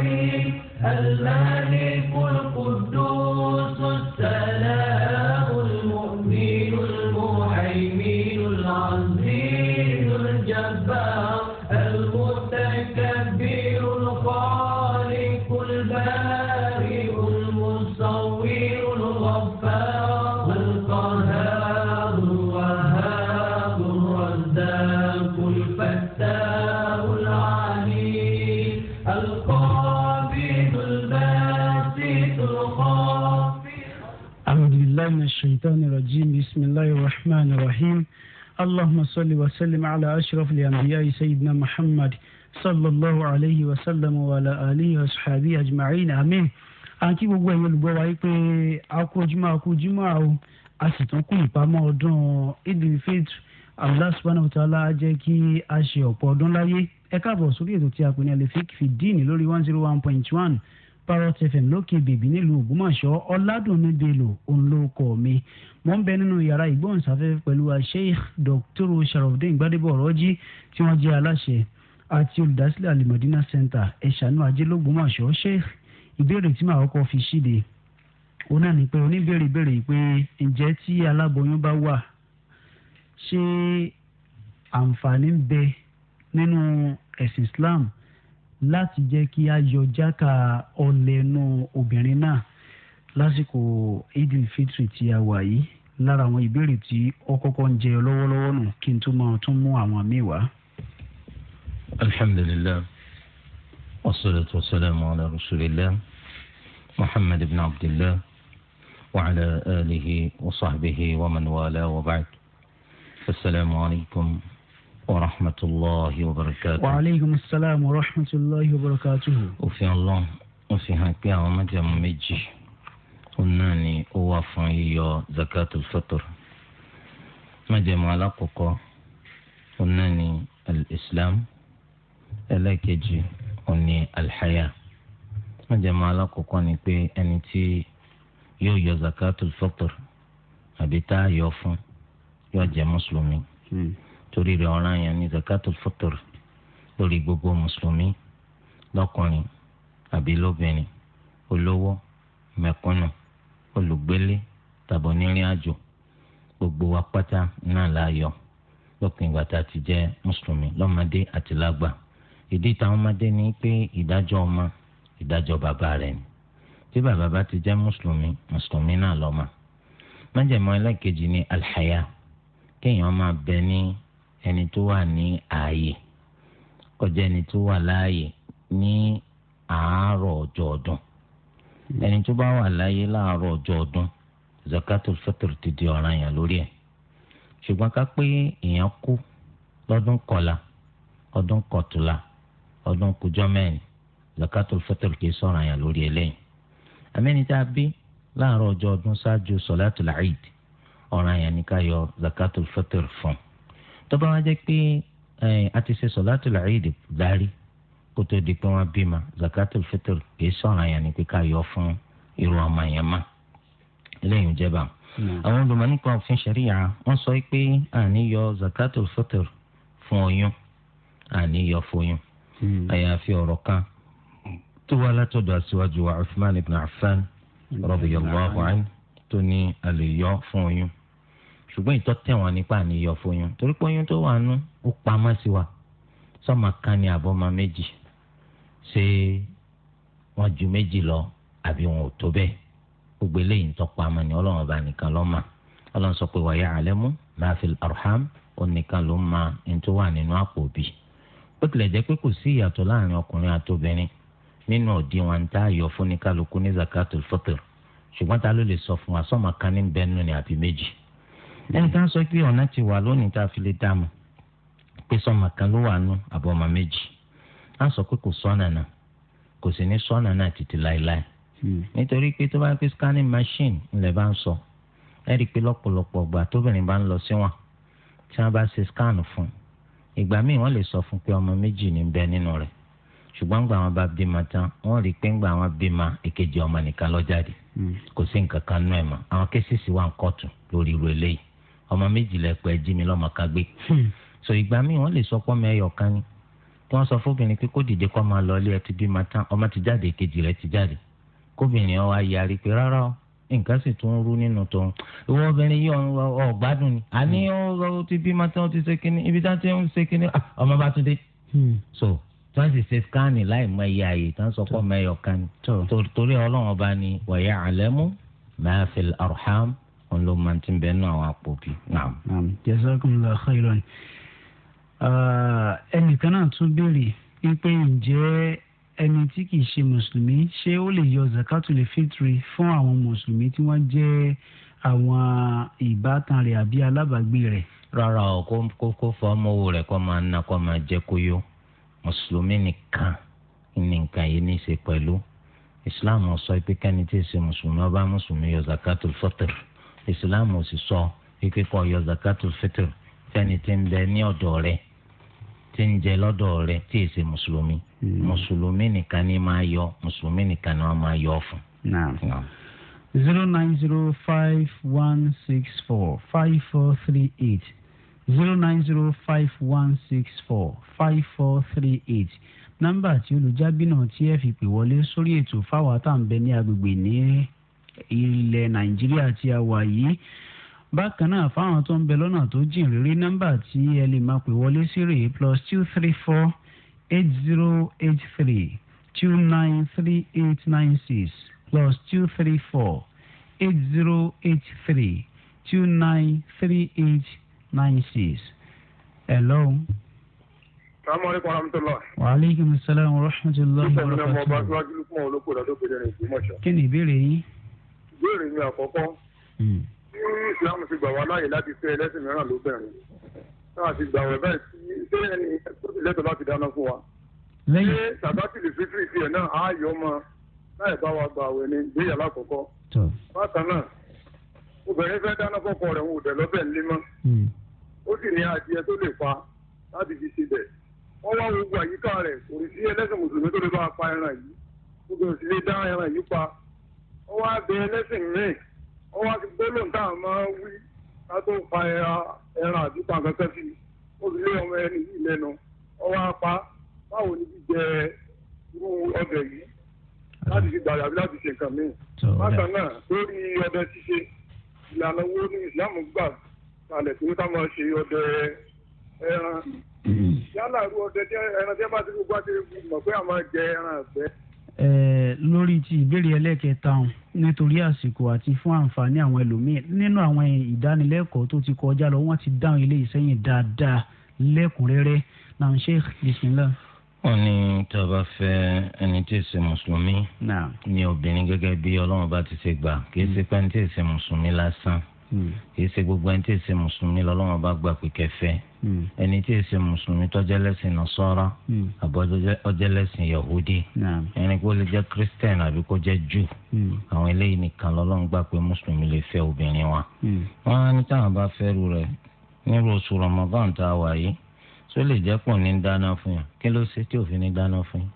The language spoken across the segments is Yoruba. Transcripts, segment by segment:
الرحيم المالك القدوس الرحمن الرحيم اللهم صل وسلم على أشرف الأنبياء سيدنا محمد صلى الله عليه وسلم وعلى آله وصحبه أجمعين آمين àǹtí gbogbo ẹ̀yin olùgbọ́ wa yìí pé akójúmọ́ akójúmọ́ àwọ̀ a sì tún kú ìpamọ́ ọdún idil faith Allah subhanahu wa ta'ala jẹ́ kí a ṣe ọ̀pọ̀ ọdún láyé ẹ káàbọ̀ sórí ètò tí a pè ní alefik fìdíìnì lórí one zero one point one parrot fm lókè bèbí nílùú ògbómọ̀ṣọ́ ọ̀làdùnmí bello òǹlòkọ mi mo ń bẹ nínú yàrá ìgbóhùnsáfẹ́fẹ́ pẹ̀lú sheikh dr sharafdin gbadebo ọ̀rọ̀jì tí wọ́n jẹ́ aláṣẹ àti olùdásílẹ̀ alimọ̀dínà center ẹ̀ṣánú ajé lọ́gbọ́mọ̀ṣọ́ sheikh ìbéèrè tí màá kọ́ fi ṣíde òun náà ni pé oníbèrè béèrè pé ǹjẹ́ tí aláboyún bá wà ṣé àǹfààní ń bẹ nínú ẹ̀sìn islam láti jẹ́ kí a yọ jáka ọlẹ́nu obìnrin náà lásìkò idil fitri tí a wà yìí lára àwọn ìbéèrè tí ó kọ́kọ́ ń jẹ lọ́wọ́lọ́wọ́ nù kí n tó máa tún mú àwọn míì wá. alhamdulilayi wasalaatu wasalaamu ala rasulillah muhammad ibn abdillah wa ala alihi wa sahbihi wa man wa ba'd asalaamu As warahmatulahi wabarakatuhu. wa aleykum salaam wa rahmatulahi wabarakatuhu. òfin ọlọ́run ó fi hàn pé àwọn májàmú méjì òun náà ni ó wà fún yíyọ zakatul fitr májàmú alákọ̀ọ́kọ́ òun náà ni al-islam ẹlẹ́ẹ̀kejì òun ni al-haya májàmú alákọ̀ọ́kọ́ ni pé ẹni tí yóò yọ zakatul fitr àbí tá a yọ fún yóò jẹ́ mùsùlùmí. Hmm torí rẹ̀ ọ̀ràn yẹn ní zakatul fitr lórí gbogbo mùsùlùmí lọ́kùnrin àbí lóbìnrin olówó mẹ̀kúnnù olùgbélé tàbí onírìn àjò gbogbo wa pátá náà láàyò lópin ìgbà tá a ti jẹ́ mùsùlùmí lọ́mọdé àti lágbà ìdí táwọn ọmọdé ní pé ìdájọ́ ọmọ ìdájọ́ bàbá rẹ̀ ni tí bàbá bá ti jẹ́ mùsùlùmí mùsùlùmí náà lọ́mọ májèmọ́ ẹlẹ́kejì ní alhaya kéèyàn máa bẹ ní ẹni tó wà ní ààyè kọjá ẹni tó wà láàyè ní àárọ̀ ọjọ́ ọdún hmm. ẹni tó bá wà láàyè láàárọ̀ ọjọ́ ọdún zakatul fitr ti di ọ̀ràn yẹn lórí ẹ̀ ṣùgbọ́n ká pé èèyàn kú lọ́dún kọlá ọdún kọtùlá ọdún kùjọ́ mẹ́rin zakatul fitr kì í sọ̀ràn yẹn lórí eléyìí àmẹ́ni tá a bí láàárọ̀ ọjọ́ ọdún ṣáájú sọ̀látùl ọ̀ràn yẹn ni ká yọ zakatul fitr fún un tọ́ba wá jẹ́ pé eh, a ti ṣe sọ̀látù làáyédè dárí kó tó di pé wọ́n bímọ zakatul fitr kì í sọ̀rọ̀ yẹn ni pé ká yọ fún irú ọmọ yẹn mọ́ eléyìí ń jẹba. àwọn olùmọ̀ nípa òfin ṣẹ̀ríyà wọ́n sọ pé àní yọ zakatul fitr fún oyún àní yọ fóyún hmm. àyàfi ọ̀rọ̀ kan tó wá látọ̀dọ̀ aṣíwájú wa Uthman ibn Affan hmm. radiyallahu anhu tó ní a yọ fún oyún ṣùgbọ́n ìtọ́ tẹ̀ wọ́n nípa àníyọ̀ fóyún torí pé oyún tó wà nú ó pamọ́ sí wa sọ́mà kan ní àbọ̀mọ́ méjì ṣé wọ́n ju méjì lọ àbí wọn ò tó bẹ́ẹ̀ gbogbo eléyìí ń pamọ́ ni ọlọ́run ọba nìkan ló mọ̀ ọlọ́run sọ pé wa ya'lamu ma fil arham onìkan ló ma ń tó wà nínú àpò òbí ó tilẹ̀ jẹ́ pé kò sí ìyàtọ̀ láàrin ọkùnrin àtobìnrin nínú òdiwọ̀n tá a yọ fún ní kálukú ní zakatul fitr ṣùgbọ́n ta ló lè sọ fún wa sọ́mà kan ní bẹ́ẹ̀ nù ní àbí méjì ẹnì kan sọ pé ọ̀nà ti wà lónìí tá a fi lè dá mọ̀ pé sọmọ kan ló wà nù àbọ̀ ọmọ méjì á sọ pé kò sọ́nà náà kò sì ní sọ́nà náà títí láéláé hmm. nítorí pé tó bá pé scanning machine ńlẹ̀ bá ń sọ ẹ rí i pé lọ́pọ̀lọpọ̀ ọgbà tóbìnrin bá ọmọ méjì ní nínú rẹ̀ ṣùgbọ́n gbà wọn bá bímọ tán rí i pé gbà wọn bímọ èkejì ọmọ nìkan hmm. kò sí nǹkan kan nú ọmọ méjì lẹ́pẹ́ jí mi lọ́mọ ká gbé. Hmm. so ìgbà míì wọ́n lè sọ pọ́ mi ẹyọ kan ni tí wọ́n sọ fóbìnrin pé kó dìde kó máa lọ ilé ẹ ti bí ma tán ọmọ ti jáde kejì rẹ ti jáde kóbìnrin ọ wá yarí pé rárá o nǹkan sì tún rú nínú tòun ìwọ obìnrin yìí ọ ni àní ọ hmm. ti bí ma tán ọ ti ṣe kínní ibi tá ti ń ṣe kínní ah, ọmọ bá tún dé. Hmm. so tí wọ́n sì ṣe skáàni láì mọ iye àyè tí wọ́n sọ pọ́ mẹ́yọ̀ kan ni torí ọlọ́run ọba ni wàyà òun ló máa ti bẹ́ẹ̀ nù àwọn àpò bí. jazakumullahu khairan ah, ẹnìkan náà tún béèrè wípé ǹjẹ́ ẹni tí kìí ṣe mùsùlùmí ṣé ó lè yọ zakatul fitri fún àwọn mùsùlùmí tí wọ́n jẹ́ àwọn ìbátan rẹ̀ àbí alábàágbé rẹ̀. rárá o kó kó fọ ọmọ owó rẹ̀ kó máa ná kó máa jẹ kó mùsùlùmí nìkan ní yìí ní í ṣe pẹ̀lú islam sọ pé kẹ́ni tí ì ṣe mùsùlùmí ọba mùsùlùmí yọ zakatul fitri islam ò sì sọ wípé kó yọ zakatul fitr fẹ́ni tí ń bẹ ní ọ̀dọ̀ rẹ tí ń jẹ lọ́dọ̀ rẹ tí èsè mùsùlùmí hmm. mùsùlùmí nìkan ni máa yọ mùsùlùmí nìkan ni wọ́n máa yọ fún. zero nine zero five one six four five four three eight zero nine zero five one six four five four three eight nọ́mbà tí olùjábí náà tí ẹ fi pè wọlé sórí ètò fáwọn àtàǹbẹ ní agbègbè ní ilẹ̀ nàìjíríà tí a wà yìí bákan náà fáwọn tó ń bẹ lọ́nà tó jìn rírí nọ́mbà tí ẹ lè máa pè wọlé sí rèé plus two three four eight zero eight three two nine three eight nine six plus two three four eight zero eight three two nine three eight nine six. hello salaamaleykum warahmatulah. waaleykum salaam wa rahmatulah. kí ni ìbéèrè yín ìbéèrè mi àkọ́kọ́ hmm. bí islam ti gbà wá láàyè láti fẹ́ ẹlẹ́sìn mìíràn lóbìnrin náà ti gbà wẹ̀ bẹ́ẹ̀ sí ṣé ẹni lẹ́tọ̀ọ́ láti dáná fún wa ṣé sàbátì lè fífi ìfi ẹ̀ náà á yọ ọmọ láì bá wa gbà wẹ̀ ní ìgbéyàwó àkọ́kọ́ bákan náà obìnrin fẹ́ dáná fọ́kọ rẹ̀ ń wò dẹ̀ lọ́bẹ̀ ńlẹ́ mọ́ hmm. ó sì ní adìẹ tó lè pa láti fi ṣe bẹ̀ wọ́n wá gbogbo àyíká rẹ̀ kò sí ẹlẹ́sìn mùsùlùmí tó lè bá a pa ẹran yìí gbogbo dá ẹran yìí pa ó wá bẹ ẹlẹ́sìn míì ó wá gbólóhùn tá a máa wí ká tó pa ẹran àdúgbò àgbẹ̀kẹ́ sí obìnrin ọmọ ẹni yìí lẹ́nu ó wá pa báwo ni jíjẹ irú ọbẹ̀ yìí láti fi gbàgbé àbí láti ṣe nǹkan míì bákan náà lórí ọdẹ ṣíṣe ìlànà owó ní ìsìlámù gbà kalẹ̀ pé a máa ṣe ọdẹ ẹran mm. yálà irú ọdẹ ẹran tí ẹ bá ti gbogbo àti mọ̀ pé àwọn jẹ ẹran àgbẹ̀ lórí ti ìbéèrè ẹlẹ́kẹta ọ̀hún nítorí àsìkò àti fún àǹfààní àwọn ẹlòmíín nínú àwọn ìdánilẹ́kọ̀ọ́ tó ti kọjá lọ wọ́n ti dáhùn ilé ìsẹ́yìn dáadáa lẹ́kùnrẹ́rẹ́ náà ń ṣe bisimilá. wọ́n ní tá a bá fẹ́ ẹni tí ì ṣe mùsùlùmí ní obìnrin gẹ́gẹ́ bí ọlọ́run bá ti ṣe gbà kì í ṣe pé ẹni tí ì ṣe mùsùlùmí lásán Hmm. kìí ṣe gbogbo ẹni tí ì ṣe mùsùlùmí lọ́lọ́wọ́n bá gbà pé kẹfẹ́ hmm. ẹni tí ì ṣe mùsùlùmí tọ́jẹ́ lẹ́sìn nasara hmm. àbọ̀ ọjẹ́ lẹ́sìn yahudi ẹni kó lè jẹ́ christian àbí kó jẹ́ jew àwọn eléyìí nìkan lọ́lọ́wọ́n gbà pé mùsùlùmí lè fẹ́ obìnrin wa. wọ́n á ní táwọn bá fẹ́rù rẹ̀ nírú oṣù ramadan tá a wà yìí tó lè jẹ́ pọ̀ ní dáná fún yàn kí ló ṣe tí òfin ní dáná fún yàn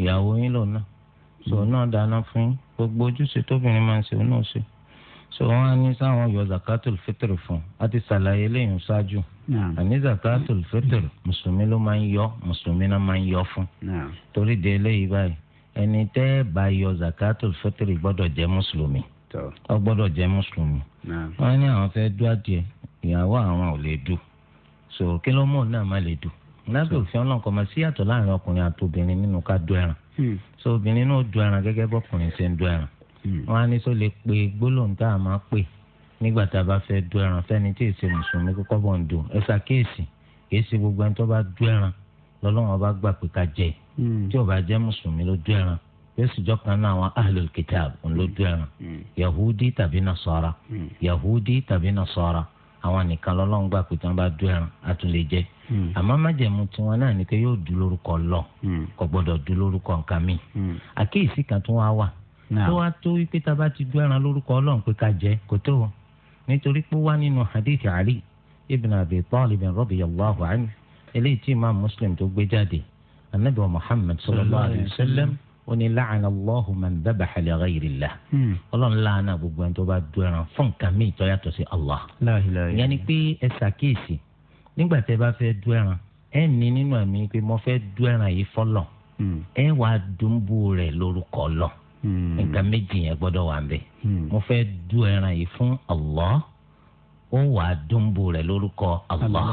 ìyàwó yín lò náà sọ náà dáná fún yín gbogbo ojúṣe tóbìnrin máa ń ṣe náà ṣe so wọn ní sáwọn yọ zakatul fitr fún a ti ṣàlàyé lẹ́yìn ṣáájú àní zakatul fitr mùsùlùmí ló máa ń yọ mùsùlùmí náà máa ń yọ fún torí de eléyìí báyìí ẹni tẹ́ bá yọ zakatul fitr gbọ́dọ̀ jẹ́ mùsùlùmí ó gbọ́dọ̀ jẹ́ mùsùlùmí wọn ní àwọn fẹ́ẹ́ dú adìẹ ìyàwó àwọn ò lè dù so kí ló mọ̀ náà má lè dù lábẹ́ òfin ọlọ́nkọ́ máa sí yàtọ̀ láàrin ọkùnrin àti obìnrin nínú ká du hmm. so obìnrin náà du ẹran gẹ́gẹ́ bọ́kùnrin ẹran Hmm. wọn á ní sọ lè pe gbólóhùn tá a máa pè nígbà tá a bá fẹ́ du ẹran fẹ́ni tí èsì mùsùlùmí kọ́kọ́ bọ̀ ń dùn gbogbo ẹni tó bá du ẹran lọ́lọ́wọ́n bá gbà pé ká jẹ hmm. tí ò bá jẹ́ mùsùlùmí yahudi tàbí nasara hmm. yahudi tàbí nasara àwọn nìkan gbà pé tí bá du ẹran tún lè jẹ lọ kò gbọdọ du lórúkọ nǹkan mi àkíyèsí kan tún wá tó wá tó wípé tá a bá ti dú ẹran lórúkọ ọlọ́run pé ká jẹ kò tó wọn nítorí pé wá nínú hadith ali ibn abi talib radiyallahu anhu eléyìí tí imam muslim tó gbé jáde anabi wa muhammad sallallahu alayhi wa sallam ó ní la'ana allahu man dhabaha li ghayri allah hmm. ọlọ́run láàánà gbogbo ẹni tó bá dú ẹran fún nǹkan míì tó sí allah ìyẹn ni pé ẹ ṣàkíyèsí nígbà tẹ́ bá fẹ́ dú ẹ ní nínú ẹ̀mí pé mo fẹ́ dú yìí fọlọ hmm. ẹ wàá dùnbù rẹ̀ lórúkọ Ọlọ́run Hmm. nǹkan méjì yẹn gbọ́dọ̀ wà nbẹ hmm. mo fẹ́ du ẹran yìí fún Allah ó wà á dúnbò rẹ̀ lórúkọ Allah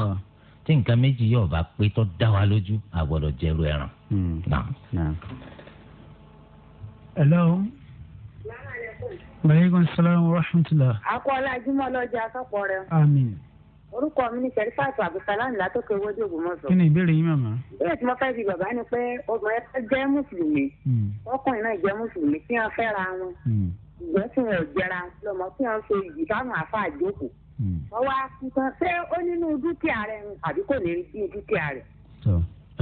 tí nǹkan méjì yóò bá pé tó dá wa lójú a gbọ́dọ̀ jẹrú ẹran. Hmm. hello. maaleykum salaam wa rahmatulah. akọ́lá jimoh lọ́jà sọ́kọ̀ rẹ̀. àmín orúkọ mi ni sẹ́rífàtì àbùsálàmù látòkè owó dògbò mọ̀ sọ. kí ni ìbéèrè yín màmá. ìbéèrè tí mo fẹ́ di bàbá ni pé obìnrin tó jẹ́ mùsùlùmí hmm. ọkùnrin náà jẹ́ mùsùlùmí tí wọ́n fẹ́ra wọn hmm. ìgbẹ́ tí wọ́n jẹra lọ́mọ tí wọ́n ṣe ìdí táwọn àfa àjókòó. Hmm. wọ́n wá kíkan ṣé ó nínú dúkìá rẹ̀ àbí kò ní rí bí dúkìá rẹ̀.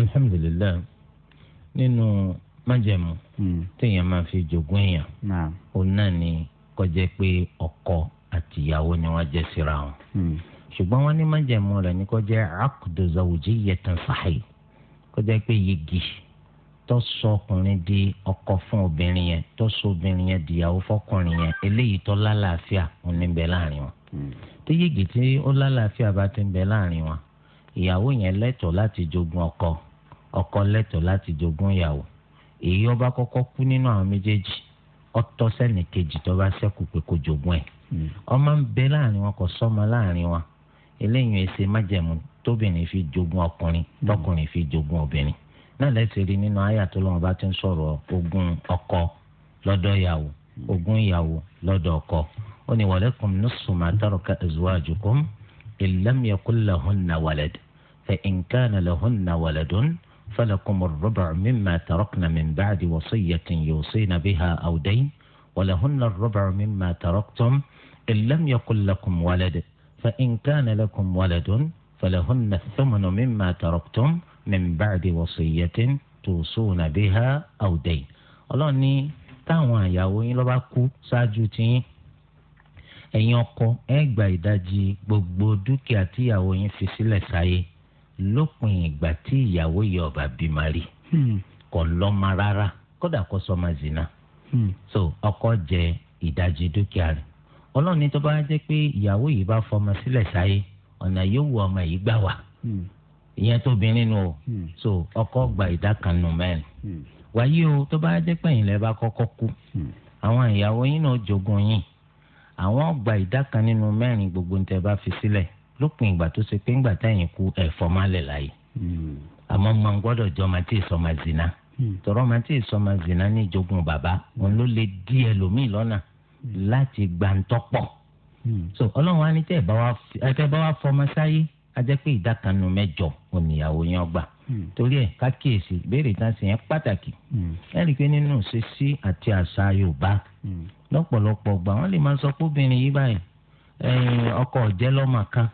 alhamdulilayi nínú májẹ̀mú téèyàn máa fi jogún èèyàn ni kó jẹ́ pé ọkọ àtìyàwó ni wọ́n ṣùgbọ́n wọ́n ní májẹ̀mú rẹ̀ ní kó jẹ́ aqdu zawjiyyatan sahih kó jẹ́ pé yìgì tó sọ ọkùnrin di ọkọ fún obìnrin yẹn tó sọ obìnrin yẹn dìyàwó fọkùnrin yẹn eléyìí tó lálàáfíà òun ní bẹ láàrin wọn. Hmm. tí yìgì tí ó lálàáfíà bá ti ń bẹ láàrin wọn ìyàwó yẹn lẹ́tọ̀ọ́ láti jogún ọkọ ọkọ lẹ́tọ̀ọ́ láti jogún ìyàwó èyí ọba kọ́kọ́ kú nínú àwọn méjèèjì ọtọ́ sẹ́nìkejì tó bá ṣẹ́kù pé kó jogún ẹ̀ ọmọ hmm. ń bẹ láàrin wọn kò sọ́mọ láàrin wọn eléyìí ẹsẹ májẹ̀mú tóbìnrin fi jogún ọkùnrin mm. tọkùnrin fi jogún obìnrin náà lẹ́sẹ̀ rí nínú àyà tó lọ́wọ́ bá ti ń sọ̀rọ̀ ogún ọkọ lọ́dọ̀ ìyàwó mm. ogún ìyàwó lọ́dọ̀ ọkọ ó ní walakum nisfu ma taraka azwajukum in lam yakun lahunna walad fa in kana lahunna waladun فلكم الربع مما تركن من بعد وصية يوصين بها أو ولهن الربع مما تركتم إن لم يكن لكم ولد فإن كان لكم ولد فلهن الثمن مما تركتم من بعد وصية توصون بها أو دين Ọlọ́run ní táwọn àyàwó yín ló bá kú ṣáájú tiyín ẹ̀yin ọkọ ẹ gba ìdajì gbogbo dúkìá tí ìyàwó yín fi sílẹ̀ sáyé lópin ìgbà tí ìyàwó yìí ọba bímọ rí hmm. kò lọ́mọ rárá kódà kó sọmọ zina hmm. so ọkọ jẹ ìdajì dúkìá rẹ̀ ọlọ́run ní tó bá jẹ́ pé ìyàwó yìí bá fọmọ sílẹ̀ sáyé ọ̀nà yóò wọ ọmọ yìí gbà wá hmm. ìyẹn tóbìnrin nù o hmm. so ọkọ gba ìdá kan nù mẹ́rin hmm. wàyí o tó bá jẹ́ pé ẹ̀yin lẹ bá kọ́kọ́ kú àwọn ìyàwó yín náà jogún yín àwọn gba ìdá kan nínú mẹ́rin gbogbo ní tẹ́ bá fi sílẹ̀ lópin ìgbà tó ṣe pé ńgbà tẹ̀yìn kú ẹ̀fọ́ má láyé àmọ́ mo gbọ́dọ̀ jọ ọmọ tí ì sọ zina tọrọ ọmọ tí ì sọ zina ní ìjogún bàbá òun ló lè dí ẹlòmíì lọ́nà láti gbàǹtọ́pọ̀ hmm. so ọlọ́run á ní tẹ́ ẹ bá wa fọmọ sáyé a jẹ́ pé ìdá kan nínú mẹ́jọ òníyàwó yẹn gbà hmm. torí ẹ̀ ká kíyèsí béèrè tán sì yẹn pàtàkì hmm. ẹ rí i pé nínú ṣíṣí àti àṣà yorùbá lọ́pọ̀lọpọ̀ gbà wọ́n lè máa sọ pé obìnrin yìí báyìí eh, ọkọ ọ̀jẹ́ lọ́mọ kan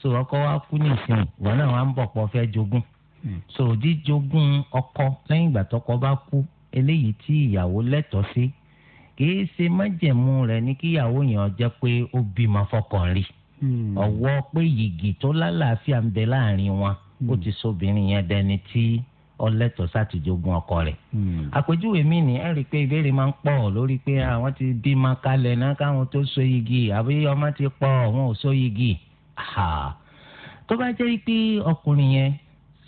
so ọkọ wa kú ní ìsìn ìwọ náà wà ń bọ̀ pọ̀ fẹ́ jogún so jíjogún ọkọ lẹ́yìn ìgbà tọkọ bá kú eléyìí tí ìyàwó lẹ́tọ̀ọ́ sí kìí ṣe májẹ̀mú rẹ̀ ní kíyàwó yẹn jẹ́ pé ó bímọ fọkàn rí hmm. ọwọ́ pé yìgì tó lálàáfíà ń bẹ láàrin wọn ó hmm. ti sóbìnrin yẹn dẹni tí ọlẹ́tọ̀ sátìjogún ọkọ rẹ̀. Hmm. àpèjúwe mi ni ẹ rí i pé ìbéèrè máa ń pọ̀ lórí pé àwọn ti bímọ kalẹ̀ náà káwọn tó so yìgì àbí ọmọ ti pọ̀ wọn ò so yìgì. tó bá jẹ́ pé ọkùnrin yẹn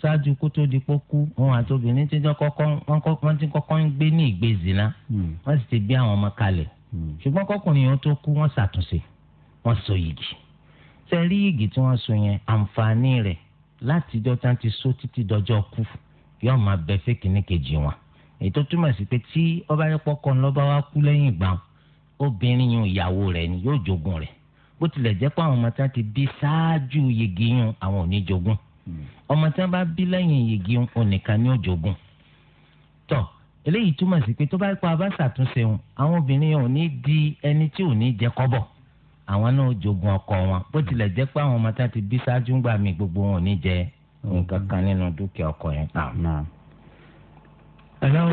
ṣáájú kó tó di pé kú òun àti obìnrin tí wọ́n ti kọ́kọ́ ń gbé ní ìgbé zina hmm. wọ́n sì ti bí àwọn ọmọ kalẹ̀ hmm. ṣùgbọ́n kọkùnrin yẹn tó kú wọ́n ṣàtúnṣe wọ́n so yìgì ṣe rí yìgì tí wọ́n so yẹn àǹfààní rẹ̀ látijọ́ tí wọ́n ti so títí dọjọ́ kú yóò máa bẹ fẹ́kìnní kejì wọn èyí tó túmọ̀ sí pé tí ọba yẹn pọ́kọ́ ńlọ́ba wa kú lẹ́yìn ìgbà obìnrin yẹn ìyàwó rẹ̀ ni yóò jogun rẹ̀ bó tilẹ̀ jẹ́ pé àwọn ọmọ tí ti bí ṣáájú yìgì yẹn àwọn ò ní jogun ọmọ tí wọn bá bí lẹ́yìn yìgì onìkan ní òjògùn tọ eléyìí túmọ̀ sí pé tó bá pa bá ṣàtúnṣe wọn àwọn obìnrin ò ní di ẹni tí ò ní jẹ kọ́bọ̀ àwọn náà òjògùn ọkọ wọn bó tilẹ̀ jẹ́ pé àwọn ọmọ tí wọn ti bí ṣáájú ńgbà mí gbogbo wọn ò ní jẹ nǹkan kan nínú dúkìá ọkọ yẹn. ẹ̀lọ́ o.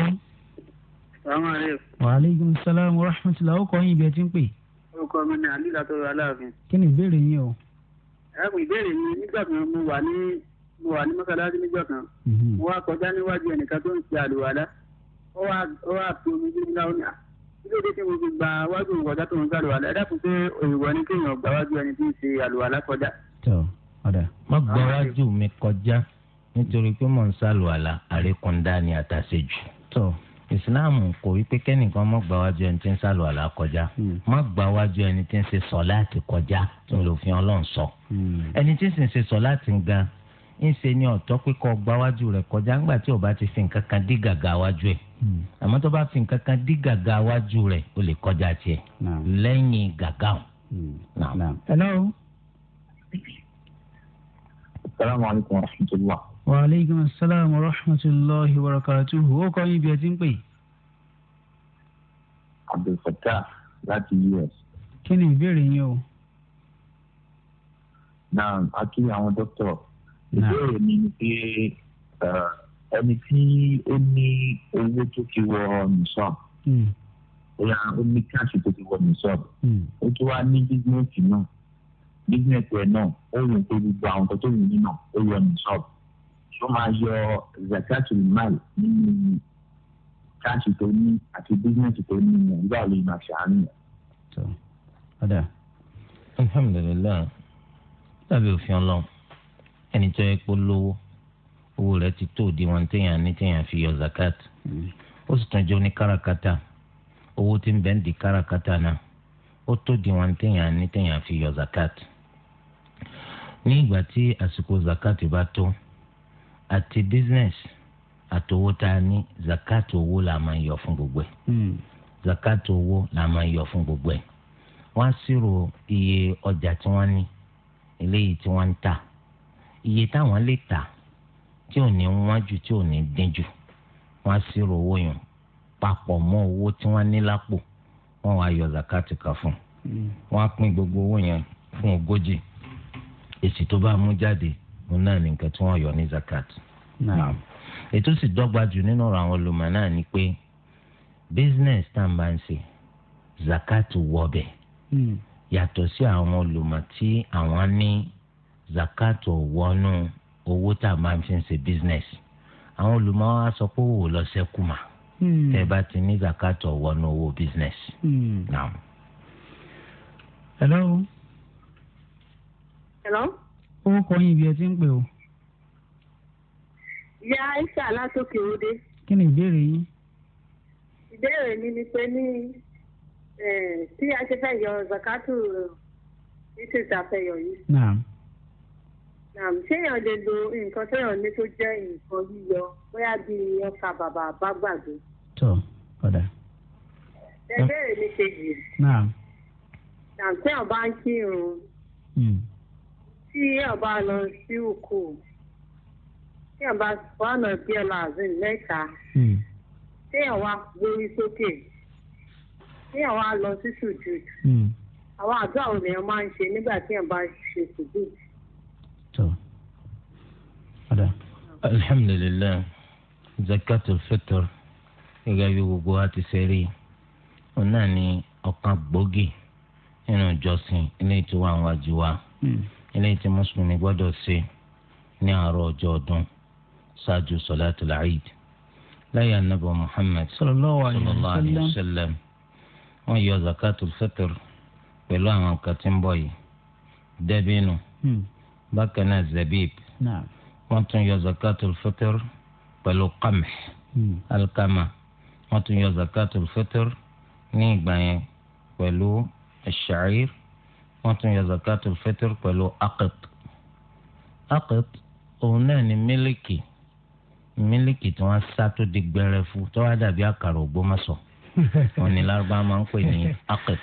salaamaleykum. wa aleykum salaam wa rahmatulah ó kọ́ yín ibi ẹ ti ń pè. ó kọ́ mi ní àlè aláàfin. kí ni ìbéèrè yín o ẹkùn ìbéèrè mi nígbà kan mo wà ní mo wà ní mọ́sálásí nígbà kan mhm. mo wá kọjá níwájú ẹnìkan tó ń ṣe àlùwàlá ó wá ó wá tó mi sí nílá òní nítorí tí mo fi gba wájú ìkọjá tó ń ṣe àlùwàlá ẹ dákun pé òyìnbó ni kéèyàn gbà wájú ẹni tí ń ṣe àlùwàlá kọjá. tó ọ̀dà má gba wájú mi kọjá nítorí pé mò ń ṣàlùwàlá àríkúndá ni àtàṣejù. tó islam kò wípé kẹ́nìkan má gbà wájú ẹni tí ń sálù àlá kọjá hmm. má gbà wájú ẹni tí ń ṣe sọ̀láàtì kọjá tó ń lò fi ọlọ́run sọ. Hmm. ẹni tí sì ń ṣe sọ̀láàtì gan ń ṣe ni ọ̀tọ́ pé kó gbà wájú rẹ̀ kọjá ńgbà tí ò bá ti fi nǹkan kan dí gàgà wájú ẹ̀ hmm. àmọ́ tó bá fi nǹkan kan dí gàgà wájú rẹ̀ ó lè kọjá tiẹ̀ lẹ́yìn gàgà ọ̀. hello. salaamaleykum wa waaleykum salaam wa rahmatulahi wa barakatuhu ó kọ́ yín bí ẹ ti ń pè. abdulfatah láti us. kí ni ìbéèrè yín o. náà a kí àwọn dókítà ìbéèrè mi ni pé ẹni tí ó ní owó tó ti wọ nìṣọ́ọ̀ hmm. bóyá ó ní káàṣì tó ti wọ nìṣọ́ọ̀ hmm. ó tún wá ní bísíǹsì náà bísíǹsì ẹ̀ náà ó yẹ kó gbogbo àwọn tó tó nínú ó yọ nìṣọ́ọ̀ tó máa yọ zakatul mal nínú káàsì tó ní àti bísíǹsì tó ní yẹn nígbà wo lè máa ṣàánú yẹn. tó ọ̀dà alhamdulilayi lábẹ́ òfin ọlọ́run ẹni tó yẹ kó lówó owó rẹ̀ ti tó òdiwọ̀n téèyàn ní téèyàn fi yọ zakat ó sì tún jẹ́ oní kárakáta owó tí ń bẹ ń di kárakáta náà ó tó òdiwọ̀n téèyàn ní téèyàn fi yọ zakat ní ìgbà tí àsìkò zakat bá tó àti business àtòwó tá a ní zakat owó la máa ń yọ fún gbogbo ẹ̀ hmm. zakat owó la máa ń yọ fún gbogbo ẹ̀ wọ́n á ṣírò iye ọjà tí wọ́n ní eléyìí tí wọ́n ń tà iye táwọn lè tà tí ò ní wọ́n jù tí ò ní dín jù wọ́n á ṣírò owó yẹn papọ̀ mọ́ owó tí wọ́n ní lápò wọ́n wá yọ zakat kan fún un hmm. wọ́n á pín gbogbo owó yẹn fún ogójì èsì tó bá mú jáde òun náà ní nǹkan tí wọ́n yọ ní zakat. ètò sì dọ́gba jù nínú ọ̀rọ̀ àwọn olùmọ̀ náà ni pé business tá n bá ń ṣe zakat wọbẹ̀ hmm. yàtọ̀ sí àwọn olùmọ̀ tí àwọn ní zakat wọnú owó tá a máa fi ń ṣe business àwọn olùmọ̀ wa sọ pé òwò lọ sẹ́kù mà hmm. bá ti ní zakat wọnú owó business. Hmm. Hello. Hello ó kọ yín ibi ẹ ti ń pè o. ìyá aisha látòkè òde. kí ni ìbéèrè yín. ìbéèrè mi ni pé ní tí a ṣe fẹ́ yọ zakatu títí ìṣàfẹ́yọ̀ yìí. Nàám ṣéyàn lè lo nǹkan téèyàn ní tó jẹ́ nǹkan yíyọ bóyá bíi ọkà bàbà bá gbàgbé. Tó ọ̀dà. Ẹ bẹ́ẹ̀rẹ̀ ní kejì. Nàám. Nàám téèyàn bá ń kírun. Hmm tí ẹ bá lọ sí òkú tí ẹ bá fọ́nà bí ẹ máa zìn tí ẹ wá gbórí sókè tí ẹ wá lọ sí sùjúdù hmm. àwọn àdúrà wo lèèyàn máa ń ṣe nígbà tí ẹ bá ṣe sùjúdù. alhamdulilayi zakatul fitr gẹ́gẹ́ bí gbogbo wa ti ṣe rí òun náà ni ọ̀kan gbòógì nínú ìjọsìn ilé ìtura àwọn àjùwà. Mm eléyìí tí mùsùlùmí gbọ́dọ̀ ṣe ní àárọ̀ ọjọ́ ọdún ṣáájú sọláàtúl Eid láyé ànábì Muhammad sallallahu alayhi wa sallam wọ́n yọ zakatul fitr pẹ̀lú àwọn kan tí ń bọ̀ yìí dẹ́bínú hmm. bákan náà zabib wọ́n tún yọ zakatul fitr pẹ̀lú qamh hmm. alkama wọ́n tún yọ zakatul fitr ní ìgbà yẹn pẹ̀lú ashair wọ́n tún yọ zakatul fitr pẹ̀lú akit akit òun náà ni mílíkì mílíkì tí wọ́n sá tó di gbẹrẹfu tó wá dàbí àkàrà ògbómọ̀ṣọ́ wọ́n ní lárúbáwá máa ń pè ní akit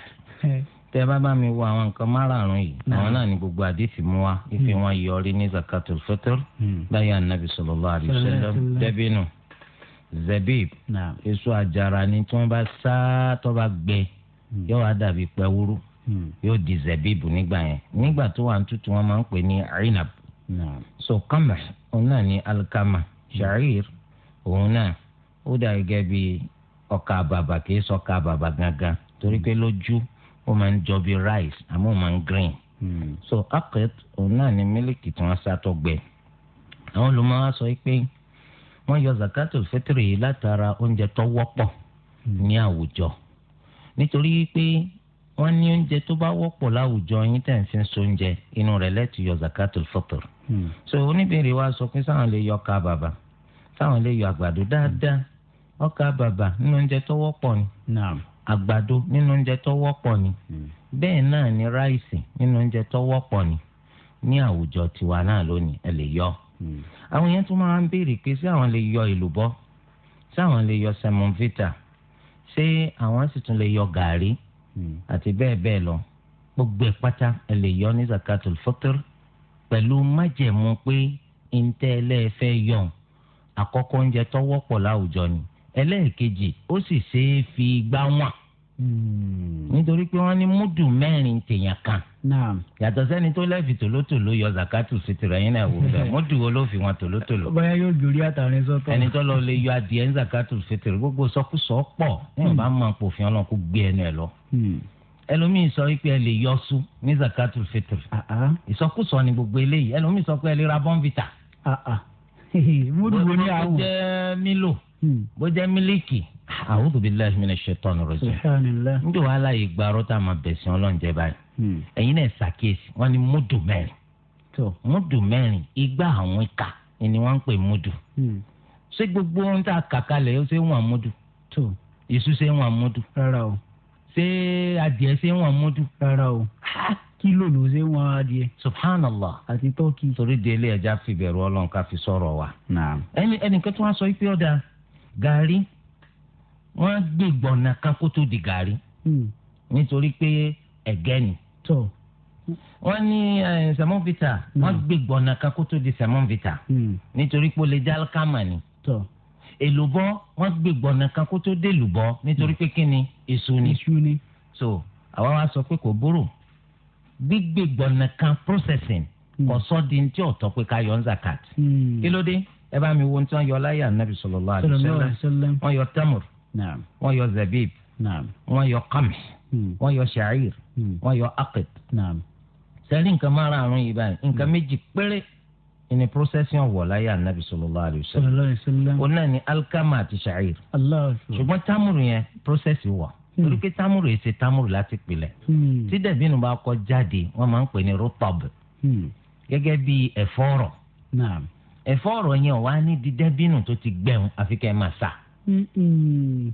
tẹ bá mi wo àwọn nǹkan márààrún yìí àwọn náà ni gbogbo àdìsí mú wa hmm. ife wọn yọrí ní zakatul fitr hmm. báyìí anabi sallallahu alaihi wasallam dẹbìnú zebib èso àjàrà ni tí wọ́n bá sá tó bá gbẹ hmm. yóò wá dàbí pẹwúrú Hmm. yóò di zabibu nígbà yẹn nígbà tó wà ń wọn máa ń pè ní arinab so kama òun náà ní alikama sharir òun náà ó dà gẹ́gẹ́ bí ọkà bàbà kì í sọkà bàbà gangan torí pé hmm. lójú ó máa ń jọ bí rice àmọ́ ó máa ń green hmm. so akẹ́t òun náà ní mílíkì tí wọ́n sátọ́ gbẹ àwọn olùmọ̀ wa sọ pé wọ́n yọ zakatul fitri yìí látara oúnjẹ tó wọ́pọ̀ ní àwùjọ nítorí pé wọ́n ní oúnjẹ tó bá wọ́pọ̀ láwùjọ yín tẹ̀ ń fi so oúnjẹ inú rẹ̀ lẹ́tù yọ zakatul fitr. Hmm. so oníbèrè wa sọ pé sáwọn lè yọ ọkà bàbà sáwọn lè yọ àgbàdo dáadáa ọkà bàbà nínú oúnjẹ tó wọ́pọ̀ ni àgbàdo nínú oúnjẹ tó wọ́pọ̀ ni hmm. bẹ́ẹ̀ náà ni ráìsì nínú oúnjẹ tó wọ́pọ̀ ni ní àwùjọ tiwa náà lónìí ẹ lè yọ. Hmm. àwọn yẹn tún máa ń béèrè pé sí àwọn lè yọ èlùbọ́ sí àwọn lè yọ semovita ṣé àwọn sì tún lè yọ gàrí àti bẹ́ẹ̀ bẹ́ẹ̀ lọ gbogbo ẹ̀ pátá ẹ lè yọ ní zakatul fitr pẹ̀lú májẹ̀mú pé ntẹ́ ẹlẹ́ẹ̀fẹ́ yọ̀n àkọ́kọ́ oúnjẹ tó wọ́pọ̀ láwùjọ ni ẹlẹ́ẹ̀kejì ó sì ṣeé fi gbá wọn hmm. nítorí pé wọ́n ní múdù mẹ́rin tèèyàn kan yàtọ̀ sẹ́ni tó lẹ́ẹ̀fì tòlótòló yọ zakatu fitiri ẹ̀yin náà wò fẹ́ múdù wo ló fi wọn tòlótòló. bóyá yóò jòrí àtàrin sọ́tọ̀. ẹni tó lọ lè yọ adìẹ ń zakatu fitiri gbogbo sọkúsọ pọ̀ ní ìbámu Hmm. ẹlòmíì sọ wípé ẹ lè yọ sùn ní zakatul fitr ìsọkúsọ ni gbogbo eléyìí ẹlòmíì sọ pé ẹ lè ra bọ́ǹvìtà bó jẹ́ mílò hmm. bó jẹ́ mílíkì a'udhu billahi minash shaitani rajim níjọ́ wàá láàyè gbàrọ́ tá a máa bẹ̀sìn ọlọ́njẹ́ báyìí hmm. ẹ̀yin náà ṣàkíyèsí wọ́n ní múdù mẹ́rin múdù mẹ́rin igbá àwọn ìka ni wọ́n ń pè múdù ṣé gbogbo ohun tá a kà kalẹ̀ ó ṣe ń wà múdù ìṣú ṣe ń wà múdù. rárá o ṣé adìẹ ṣé wọn múdù. rárá o kílò ló ṣe wọn adìẹ. subhanallah àti tọ́kì. torí délé ẹja fi bẹ̀rù ọlọ́run ká fi sọ̀rọ̀ wa. ẹnì ẹnìkan tí wọ́n sọ pé ọ̀dà gàrí wọ́n gbé gbọ̀nà kan kó tó di gàrí hmm. nítorí pé ẹ̀gẹ́ ni. wọ́n ní sẹ̀mọ́vita wọ́n gbé hmm. gbọ̀nà kan kó tó di sẹ̀mọ́vita hmm. nítorí pé ó lè jẹ́ alikama ni èlùbọ́ wọ́n gbé gbọ̀nà kan kó tó dé èlùbọ́ nítorí pé kí ni èso ni so àwa wa sọ pé kò búrò gbígbé gbọ̀nà kan processing hmm. kò sọ di ní tí ò tọ́ pé ká yọ ń zakat hmm. kí ló dé ẹ bá mi wo ní tí wọ́n yọ láyé ànábì sallallahu alaihi wasallam wọ́n yọ tamur wọ́n yọ zabib wọ́n yọ qamh hmm. wọ́n yọ sha'ir wọ́n yọ aqid sẹ́rí nǹkan márùn-ún yìí báyìí nǹkan méjì péré ìní processing ọ̀wọ̀ láyé anabi sallallahu alayhi wa sallam òun náà ni alkama àti sha'ir ṣùgbọ́n tamuru yẹn process wọ̀ hmm. torí pé tamuru yìí ṣe tamuru láti pilẹ̀ hmm. tí dẹ̀bínú bá kọ́ jáde wọ́n máa ń pè ní rotob hmm. gẹ́gẹ́ bí ẹ̀fọ́rọ̀ ẹ̀fọ́rọ̀ yẹn wà ní dídẹ́bínú tó ti gbẹ̀hún àfi kẹ́ ẹ máa sà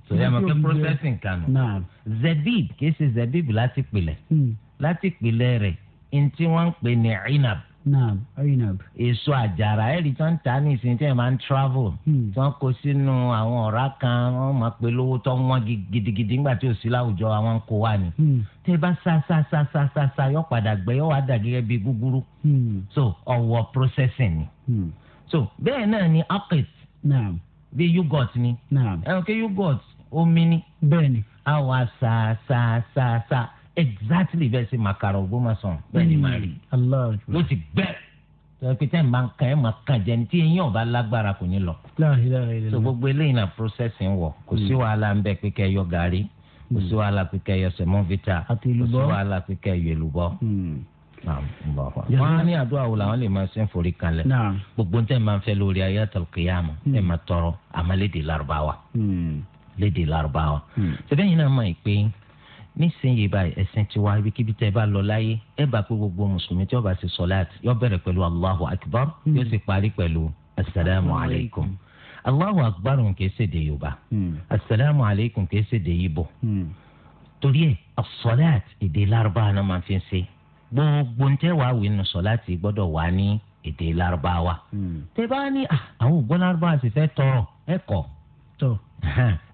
tó yẹ máa pé processing kanu zebib kì í ṣe zebib láti pilẹ̀ láti pilẹ̀ rẹ̀ ntí wọ́n ń pè ní inab naam ayinab. èso àjàrà ẹ̀rí tó ń ta ní ìsìn tí ẹ̀ máa ń travel. Hmm. tí wọ́n kó sínú àwọn ọ̀rá kan wọ́n máa pe lówó tó wọ́n gidigidi nígbà tí ò sí láwùjọ àwọn kò wà ní. tẹ́ bá sa sa sa sa sa sa yọ padà gbẹ yọ wá dà gẹ́gẹ́ bí gúgúrú. Hmm. so ọ̀wọ̀ processing ni. Hmm. so bẹ́ẹ̀ náà ni akit. naam. bí yogurt ni. naam. ẹ̀rọ kí yogurt omi ni. bẹ́ẹ̀ ni. a sa sa sa. sa exactly bẹ́ẹ̀ sí makara Ògbómọ̀ṣọ́ bẹ́ẹ̀ ni màá rí hmm. ló ti bẹ́ẹ̀ tọ́pítẹ́ ẹ̀ máa ń kan ẹ̀ máa kan jẹ́ ní tí eyín ọba lágbára kò ní lọ. so gbogbo eléyìí na processing wọ̀ kò sí hmm. wàhálà ń bẹ pé kẹ́ ẹ yọ gàrí kò sí hmm. wàhálà pé kẹ́ ẹ yọ sẹ̀mọ́vítà kò sí wàhálà pé kẹ́ ẹ yọ èlùbọ́ wọ́n á ní àdúrà wò làwọn lè máa ṣe ń forí kalẹ̀ gbogbo ń tẹ́ máa ń fẹ́ lórí ayatul qiyama ẹ̀ máa tọrọ àmọ́ léde Lárúbáwá léde Lárúbáwá ṣẹ́fẹ́ yìí náà máa ń pè é nísìnyí báyìí ẹ̀sìn tiwa ibikíbi tẹ́ ẹ bá lọ láyé ẹ bá pé gbogbo mùsùlùmí tí ó bá ṣe sọláàtì yóò bẹ̀rẹ̀ pẹ̀lú allahu akbar hmm. yóò sì parí pẹ̀lú asalaamu alaykum allahu akbar kìí ṣèdè yorùbá hmm. asalaamu alaykum kìí ṣèdè yíbò hmm. torí ẹ asọláàtì èdè lárúbáwá náà máa fi ṣe gbogbo ntẹ́ wàá wí nù sọláàtì wà ní èdè lárúbáwá tẹ́ bá ní ah, àwọn ògbó lárúbáwá sì fẹ́ tọrọ ẹ̀kọ́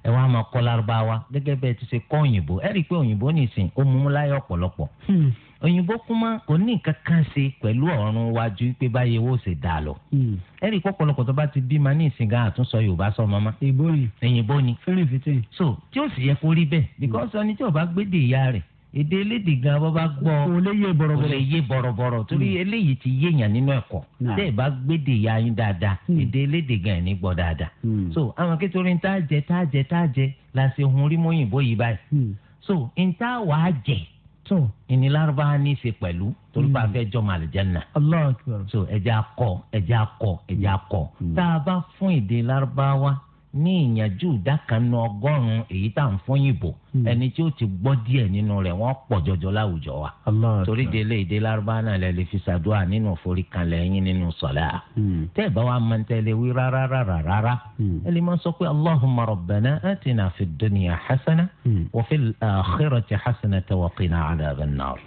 ẹ wá máa kọ́ lárúbáwá gẹ́gẹ́ bẹ́ẹ̀ ti ṣe kọ́ òyìnbó ẹ rí i pé òyìnbó nìsín ó mú un ọ̀pọ̀lọpọ̀ hmm. òyìnbó kankan kò ní nǹkan kan ṣe pẹ̀lú ọ̀run wájú pé báyìí owó ṣe dà lọ. Hmm. ẹ rí i pé ọ̀pọ̀lọpọ̀ tó bá ti ní ìsìn gan sọ mọ́mọ́. ìbò ni so tí ó sì yẹ kó rí bẹ́ẹ̀ because tí ò bá èdè elédè gan bó bá gbọ́ kò lè yé bọ̀rọ̀bọ̀rọ̀ kò lè yé bọ̀rọ̀bọ̀rọ̀ torí hmm. eléyìí ti yéèyàn nínú ẹ̀kọ́ tẹ́ ẹ̀ bá gbédè ya yín dáadáa hmm. èdè elédè gan ẹ̀ ní gbọ́ dáadáa hmm. so àwọn akétorí ń tá jẹ tá jẹ tá jẹ la ṣe hun rí mọ́yìnbó yìí báyìí so ń tá wàá jẹ ìnilárúbá ní í ṣe pẹ̀lú torí bá fẹ́ jọ màlìjẹ́nà so ẹ̀jẹ̀ akọ ẹ̀jẹ̀ akọ ẹ̀jẹ̀ akọ tá a bá fún èdè lárúbáwá ní ìyànjú ìdákanu ọgọ́rùn-ún èyí tá à ń fún yìnbó hmm. ẹni tí ó ti gbọ́ díẹ̀ nínú rẹ̀ wọ́n pọ̀ jọjọ láwùjọ wa torí délé èdè lárúbáwá náà lè fi ṣàdúrà nínú foríkanlẹ̀ yín nínú sọ̀lá hmm. tẹ́ ẹ̀ bá wa máa ń tẹ́lẹ̀ wí rárá rárá rárá hmm. ẹ lè máa sọ pé allahumma rabbana atina fid dunya hasana wa fil akhirati hasanatan wa qina adhaban nar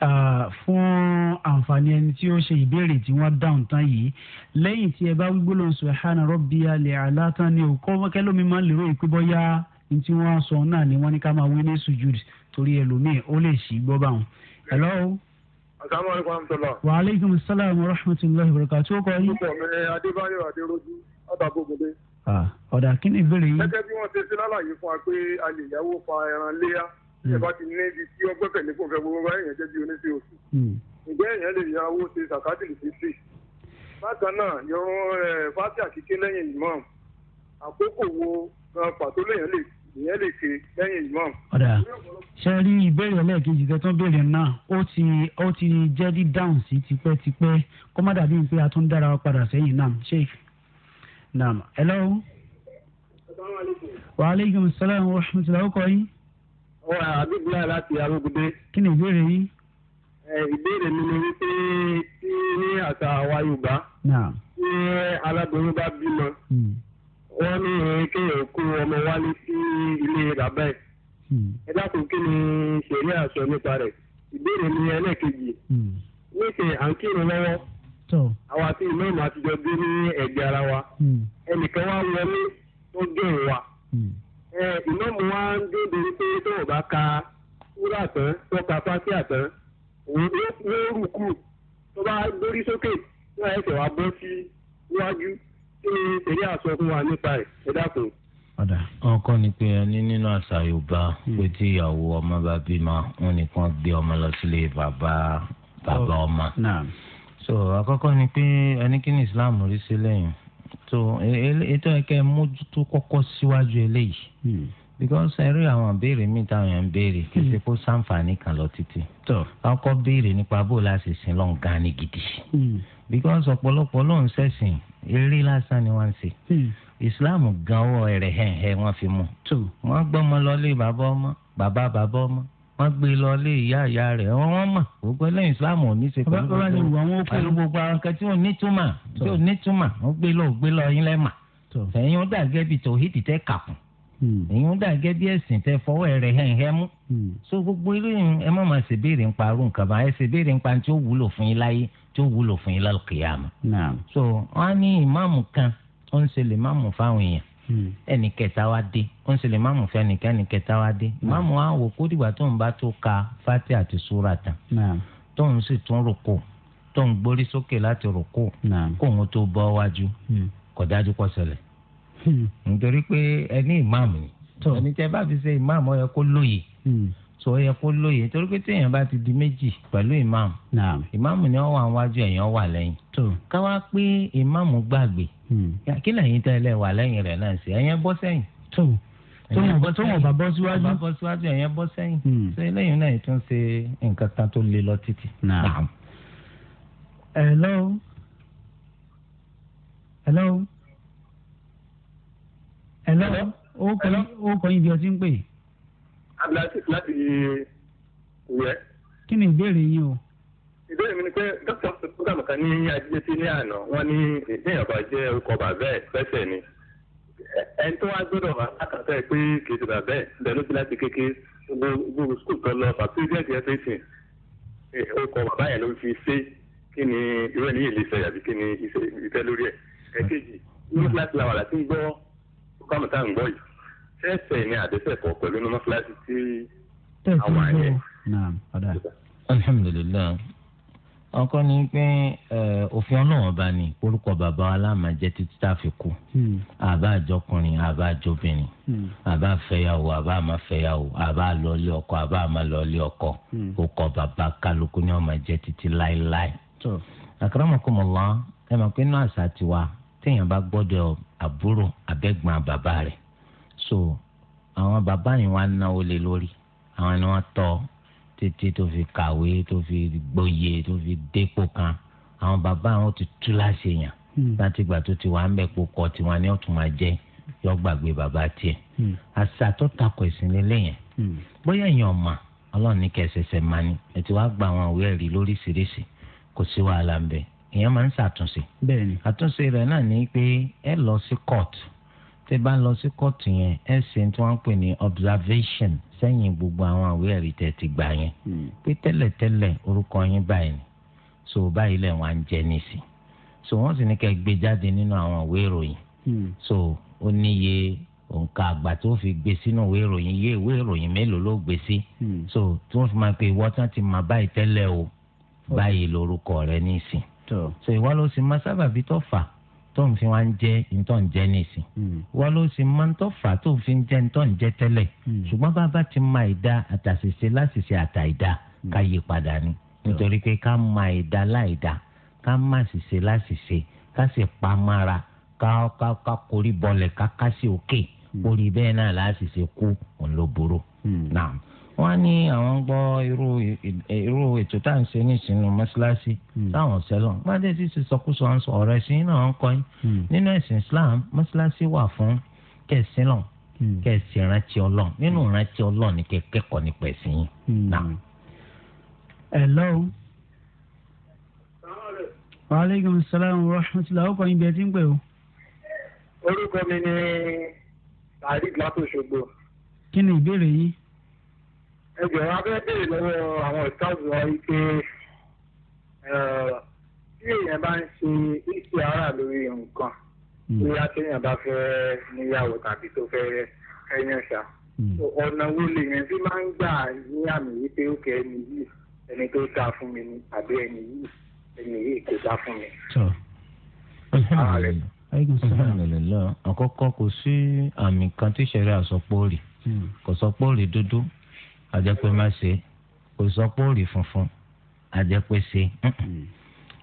fún àǹfààní ẹni tí ó ṣe ìbéèrè tí wọ́n dáhùn tán yìí lẹ́yìn tí ẹ bá wí gbólóhùn subhana rabbiyal a'la tán ni ò kọ́ kẹ́lómi máa ń lérò ìpé bọ́yá ní tí wọ́n sọ náà ni wọ́n ní ká máa wí ní sùjúd torí ẹlòmíì ó lè ṣì gbọ́ báwọn. hello. asalaamualeykum amtola. wa aleykum salaam wa rahmatulahi wa barakatuh. ọkọ yìí. ọkọ mi adébáyọ̀ adéròjú ọ̀dàgbògbòde. ọ̀dà kí ni ìbéèrè yìí. gẹ́gẹ́ bí wọ́n ṣe ṣe lálàyé fún wa pé a lè yáwó fa Hmm. ẹ bá ti ní ibi tí ọgbẹ́ pẹ̀lú kò fẹ́ gbogbo ẹ̀yàn jẹ́ bí oníṣẹ́ oṣù hmm. ǹjẹ́ èèyàn lè ya owó ṣe sàkátìlì fífi bákan náà yọrùn ẹ fásitì àkíké lẹ́yìn imam àkókò wo pàtó lèèyàn lè ìyẹn lè ṣe lẹ́yìn imam. ọ̀dà ṣe rí ìbéèrè ẹlẹ́ẹ̀kejì tẹ́ tó béèrè náà ó ti ó ti jẹ́ dídáhùn sí tipẹ́tipẹ́ kó má dàbí pé a tún dára padà sẹ́yìn náà ṣe naam hello. wa aleykum salaam wa rahmatulah ọkọ yín abibula láti arógundé. kí ni ìbéèrè yín. ìbéèrè mi ni wípé tí ní àṣà àwa yorùbá. tí aláboyún bá bímọ. Hmm. wọ́n ní kéèyàn kó ọmọ wálé sí ilé bàbá ẹ̀. Hmm. ẹ dákun kí ni ṣẹ̀rí àṣọ nípa rẹ̀. ìbéèrè mi ẹlẹ́ẹ̀kejì. Hmm. níṣẹ́ à ń kírun lọ́wọ́. àwa àti ìmọ̀ọ́mù àtijọ́ gbé ní ẹ̀gbẹ́ ara wa. ẹnìkan wá wọlé tó gé wa ìmọ̀mù wa ń dédé pé tó o bá ka wúrà tán tó ka fásí àtán wọ́n rúkú tó bá dórí sókè wọ́n ẹsẹ̀ wa bọ́ sí iwájú tí eré àsọ fún wa nípa ẹ̀ ẹ dákun. ọ̀dà ọkọ ni pé ẹni nínú àṣà yorùbá hmm. pé tí ìyàwó ọmọ bá bímọ wọn nìkan gbé ọmọ lọ sílé bàbá bàbá oh. ọmọ. so àkọ́kọ́ ni pé ẹni kí ni islam rí sí lẹ́yìn. E, e, e, tó ètò ẹ̀kẹ́ mójútó kọ́kọ́ síwájú eléyìí hmm. because ẹ rí àwọn ìbéèrè míì táwọn èèyàn ń béèrè kí hmm. ṣe kó sáǹfààní kan lọ títí. àwọn kọ́ béèrè nípa bó la ṣe sin gan ni gidi. Hmm. because ọ̀pọ̀lọpọ̀ ló ń ṣẹ̀sìn eré lásán ni wọ́n ń ṣe. islam gan ọwọ́ rẹ̀ hẹ̀hẹ̀ wọ́n fi mú. wọ́n gbọ́mọ lọ lé bàbá ọmọ bàbá bàbá ọmọ wọ́n gbé lọ lé ìyá ìyá rẹ̀ wọ́n mọ̀ gbogbo ẹlẹ́yìn islam ò ní í ṣe pẹ̀lú gbogbo àwọn kan tí ò ní túmọ̀ tí ò ní túmọ̀ wọ́n gbé lọ gbé lọ yín lẹ́mà ẹ̀yin ó dà gẹ́gẹ́ bí tòhídì tẹ́ kàkùn hmm. ẹ̀yin ó dà gẹ́gẹ́ bí ẹ̀sìn tẹ́ fọwọ́ ẹ̀rẹ̀ hẹ́hẹ́ mú hmm. so gbogbo eléyìí ẹ má máa ṣèbéèrè ń parú nǹkan bá ẹ ṣèbéèrè ń pa tí ó wúlò fún yín láyé tí ó wúlò fún yín lálùkìyàmù so wọ́n á ní ìmáàmù kan ó ń ṣe lè máàmù fáwọn èèyàn Hmm. ẹnì kẹta wa dé ó ń ṣẹlẹ̀ máàmù fẹ́ nìkan ẹnì kẹta wa dé hmm. máàmù kó tó ń bá tó ka fati àti sura tán hmm. tó ń sì tún rògbò tó ń sókè láti rògbò kó òun tó bọ́ wájú kò dájú kó nítorí pé ẹni ìmáàmù ni ẹni bá fi ṣe ìmáàmù kó lóye kó lóye pé téèyàn bá ti di méjì pẹ̀lú ìmáàmù ìmáàmù ni wà wájú ẹ̀yàn wà lẹ́yìn káwá pé Hmm. kí lẹ́yìn tẹ́ lẹ́ wà lẹ́yìn rẹ̀ náà sí ẹ̀yẹn bọ́ sẹ́yìn. tó tó wọn bá bọ́ síwájú. bá bọ́ síwájú ẹ̀yẹn bọ́ sẹ́yìn. ṣé hmm. lẹ́yìn náà tún ṣe nǹkan kan tó le lọ títì. hello hello hello O kọ yín bí ọtí ń pè. abdulhasi láti wẹ̀. kí ni ìbéèrè yín o ìbéèrè mi ni pé dókítà ṣe fúgàmù kan ní ajínigbé ní àná wọn ní ìdíyàn bá jẹ orúkọ bàbá ẹ fẹsẹ ni ẹni tó wá gbọ́dọ̀ wà lákàtà ẹ pé kìí bàbá ẹ bẹ́ẹ̀ ló láti kéke gbogbo skul tó lọ pàtó ìdíyàn ti orúkọ bàbá yẹn ló fi ṣe kí ni irú ẹni yìí lè ṣe kí ni ìfẹ́ lórí ẹ ẹ̀kejì ní kíláàsì làwọn àti ń gbọ́ fúgàmù ń gbọ́ yìí ṣẹ́ẹ̀ṣẹ̀ ni wọn kọ́ ni pé òfin ọlọ́wọ́n bá ní orúkọ bàbá wa láàmà jẹ́ títí tá a fi kú hmm. àbá àjọkùnrin àbá àjọbìnrin hmm. àbá àfẹ́yàwó àbá àmàfẹ́yàwó àbá àlọ́lé ọkọ àbá àmàlọ́lé ọkọ hmm. orúkọ bàbá kálukú ni wọn máa jẹ́ títí láéláé. akramakumullah ẹ mọ̀ pé náà àṣà tiwa téèyàn bá gbọ́dọ̀ àbúrò abẹ́gbọ́n bàbá rẹ̀ so àwọn bàbá yìí wá náwó lé lórí àwọn ni wọ́n tọ́ títí tó fi kàwé tó fi gboyè tó fi dépò kan àwọn bàbá àwọn ti tú láṣẹ yàn hmm. láti ìgbà tó ti wà ń bẹ̀ kó kọ́ tiwọn ni ó tún máa jẹ́ yọ gbàgbé bàbá tiẹ̀ hmm. àṣà tó takò ẹ̀sìn lélẹ̀ yẹn hmm. bóyá èèyàn mà ọlọ́run ní kẹsẹsẹ máa ní ẹ ti wá gba àwọn ìwé ẹ̀rí lóríṣiríṣi kò sí wàhálà ń bẹ èèyàn máa ń ṣàtúnṣe àtúnṣe rẹ̀ náà ni pé ẹ lọ sí kóòtù tẹ́ bá ń lọ sí kóòtù yẹn ẹ ṣe tí wọ́n ń pè ní observation sẹ́yìn gbogbo àwọn àwé ẹ̀rí tẹ́ ti gbà yẹn hmm. pé tẹ́lẹ̀tẹ́lẹ̀ orúkọ yín báyìí ni so báyìí lẹ̀ wọ́n á ń jẹ́ so wọ́n sì ní kẹ́ gbé jáde nínú àwọn àwé ìròyìn hmm. so ó níye òǹkà àgbà tó fi gbé sínú ìwé ìròyìn yé ìwé ìròyìn mélòó ló gbé sí hmm. so tí wọ́n fi máa pe ìwọ tán ti mà báyìí tẹ́lẹ̀ o báyìí lórúkọ rẹ nísì so ìwọ ló sì máa sábàbí tó fà á tó ń fi wá ń jẹ ntọ́ ń jẹ nìsín hmm. wọn ló sì máa ń tọ́ fà tó ń fi ń jẹ ntọ́ ń jẹ tẹ́lẹ̀ hmm. ṣùgbọ́n bàbá ti ma ìdá àtàṣìṣe láṣìṣe àtà ìdá hmm. ká yí padà ni nítorí pé ká ma ìdá láìdá ká má ṣìṣe láṣìṣe ká sì pa mára ká ká ká korí bọlẹ̀ ká ká sí òkè orí bẹ́ẹ̀ náà láṣìṣe kú òun ló burú wọ́n ní àwọn ń gbọ́ irú irú ètò tá à ń ṣe ní ìsinmi mọ́ṣáláṣí hmm. táwọn ṣẹlọ gbádé tí ti sọkúsọ ń sọ ọ̀rọ̀ ẹ̀sìn náà ń kọ́ hmm. nínú ẹ̀sìn Islam mọ́ṣáláṣí wà fún kẹ̀sìn náà kẹ̀sìn ìrántí Ọlọ́run nínú ìrántí Ọlọ́run ní kẹ́kẹ́kọ̀ọ́ nípa ẹ̀sìn yìí. Hmm. hello. waaleykum salaam wa rahmatulah ọkọ ibi ẹ ti ń pè o. orúkọ mi ni Sadiq látòṣogbo. kí ni ìbéèrè yìí ẹgbẹ̀rún abẹ́rẹ́ béèrè lọ́wọ́ àwọn ìtọ́jú wa wípé tí èèyàn bá ń ṣe ìṣe ara lórí nǹkan hmm. bóyá téèyàn bá fẹ́ níyàwó tàbí tó fẹ́ ẹyàn ṣá hmm. ọ̀nà wo lèèyàn fi máa ń gbà ní àmì wípé ó kẹ́ ẹni yìí ẹni tó dáa fún mi ni àbí ẹni yìí ẹni yìí kò dáa fún mi. alhamdulilayi àkọ́kọ́ kò sí àmì kan tí sẹ́rí àsọpọ̀ rì hmm. kò sọpọ̀ rì dúdú àjẹpẹ́ má ṣe kò sọ pé ó rí funfun àjẹpẹ́ ṣe mm.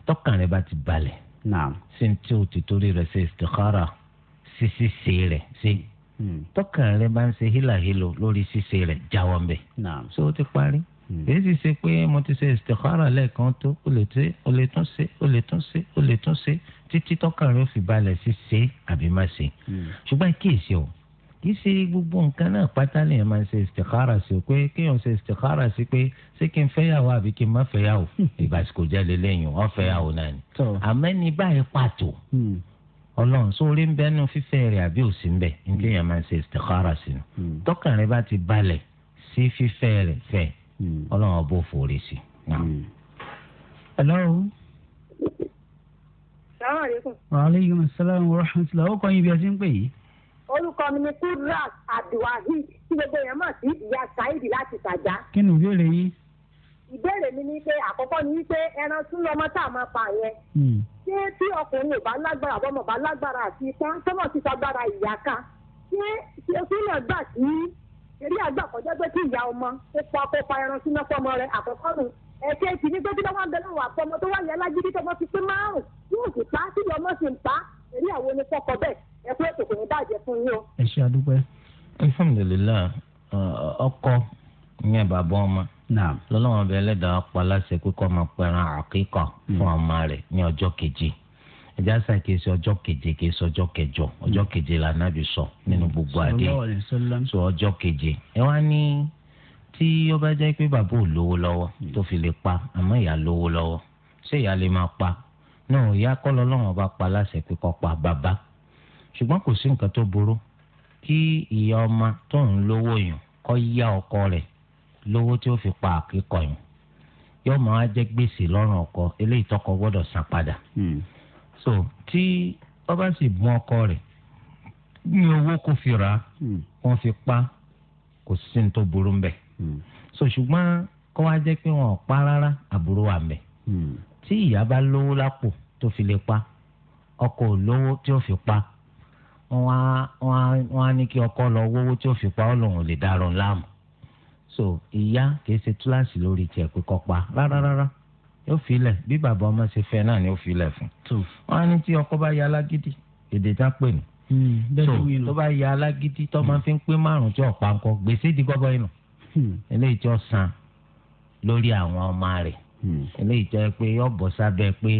tọkàn rẹ bá ti balẹ̀ sí ní tí o ti torí rẹ ṣe istikhara ṣíṣí ṣe rẹ mm. ṣe tọkàn rẹ bá ń ṣe hílàhílò lórí ṣíṣe rẹ jáwọ́ ń ṣé o ti parí èyí mm. sì ṣe pé mo ti ṣe istikhara lẹ́ẹ̀kan tó o lè tún ṣe o lè tún ṣe o lè tún ṣe o lè tún ṣe títí tọkàn rẹ ó fi balẹ̀ sí ṣe àbí má ṣe ṣùgbọ́n kíyèsí o kì í ṣe gbogbo nǹkan náà pátá lèèyàn máa ń ṣe istikhara sí pé kéèyàn ṣe istikhara sí pé ṣé kí n fẹ́yàwó àbí kí n má fẹ́yàwó hmm. ìbásíkò jẹ́ lélẹ́yìn wọ́n fẹ́yàwó náà ni. àmẹ́ni báyìí pàtó hmm. ọlọ́run sórí ń bẹ nu fífẹ́ rẹ̀ àbí òsì ń bẹ ní kéèyàn hmm. máa ń ṣe istikhara sí nu tọ́kàn rẹ̀ bá ti balẹ̀ sí fífẹ́ rẹ̀ fẹ́ ọlọ́run ọbọ̀ fòrè sí. ẹ̀lọ́run. salaam aleykum orúkọ mi ni kudrat abdulwahid tí gbogbo èèyàn mọ̀ sí ìyá saheed láti sàjá. kí ni ìbéèrè yín. ìbéèrè mi ni pé àkọ́kọ́ ni pé ẹran tún lọ́mọ tá a máa pa yẹn. Hmm. ṣé tí ọkùnrin ò bá lágbára àbọ̀mọ̀ ò bá lágbára àti ipá tọ́mọ̀ ti sọgbára ìyá ká ṣé ṣe súnà gbà sí eré àgbà kọjá pé kí ìyá ọmọ ó pa kó pa ẹran sínú fọmọ rẹ àkọ́kọ́ nù ẹ̀kẹ́ ti ní pé kí lọ́wọ́ abẹ́lẹ́ wà fọmọ tó wà yẹn lágídí tọmọ ti pé márùn yóò sì pa á sí ọmọ sì ń pa eré àwọn onífọkọ bẹ́ẹ̀ ẹ pé ètò kò ní bàjẹ́ fún o. ẹ ṣe àdúpẹ́ alhamdulilayi ọkọ ìyẹn bàbá ọmọ lọ́lọ́wọ́n bẹ ẹlẹ́dàá pa láṣẹ pé kó máa pẹran àkíkà hmm. fún ọmọ rẹ̀ ní ọjọ́ keje ẹja sàn kìí ṣe ọjọ́ keje kìí ṣe ọjọ́ kẹjọ hmm. ọjọ́ keje lànàbì sọ nínú gbogbo àdé so ọjọ́ keje ẹ wá ní tí ó bá jẹ́ pé bàbá ò lówó lọ́wọ́ hmm. tó fi lè pa àmọ́ ìyá lówó lọ́wọ́ ṣé ìyá lè máa pa náà ìyá kọ́ lọ́lọ́wọ́n bá pa láṣẹ pé kó pa bàbá ṣùgbọ́n kò sí nǹkan tó burú kí ìyá ọmọ tó ń lówó yùn kọ́ yá ọkọ rẹ̀ lówó tí ó fi pa àkíkọ yùn yóò máa jẹ́ gbèsè lọ́rùn ọkọ eléyìí tọkọ gbọ́dọ̀ san padà. Hmm. so tí wọ́n bá sì bùn ọkọ rẹ̀ ní owó kò fi rà hmm. wọ́n fi pa kò sí ní tó burú ń hmm. so ṣùgbọ́n kọ́ wá jẹ́ pé wọn ò pa rárá àbúrò wà ń bẹ̀. tí ìyá bá lówó lápò tó fi lè pa ọkọ ò tí ó fi pa. Mm wọ́n á ní kí ọkọ lọ wọ́wọ́ tí ó fi pa ọ́ lòun lè dárò láàmú so ìyá kìí ṣe túláàsì lórí tiẹ̀ pé kọ́ pa rárá rárá yóò filẹ̀ bí bàbá ọmọ ṣe fẹ́ náà ni ó filẹ̀ fún wọ́n á ní tí ọkọ bá ya alágídí èdè tá pè ní hmm, so tó bá ya alágídí tó máa hmm. fi ń pé márùn tí ọ̀pá ń kọ gbèsè di gbọ́gbọ́ inú hmm. eléyìí tí ó san lórí àwọn ọmọ rẹ̀ eléyìí tó yẹ pé yọ bọ́ sábẹ́ pé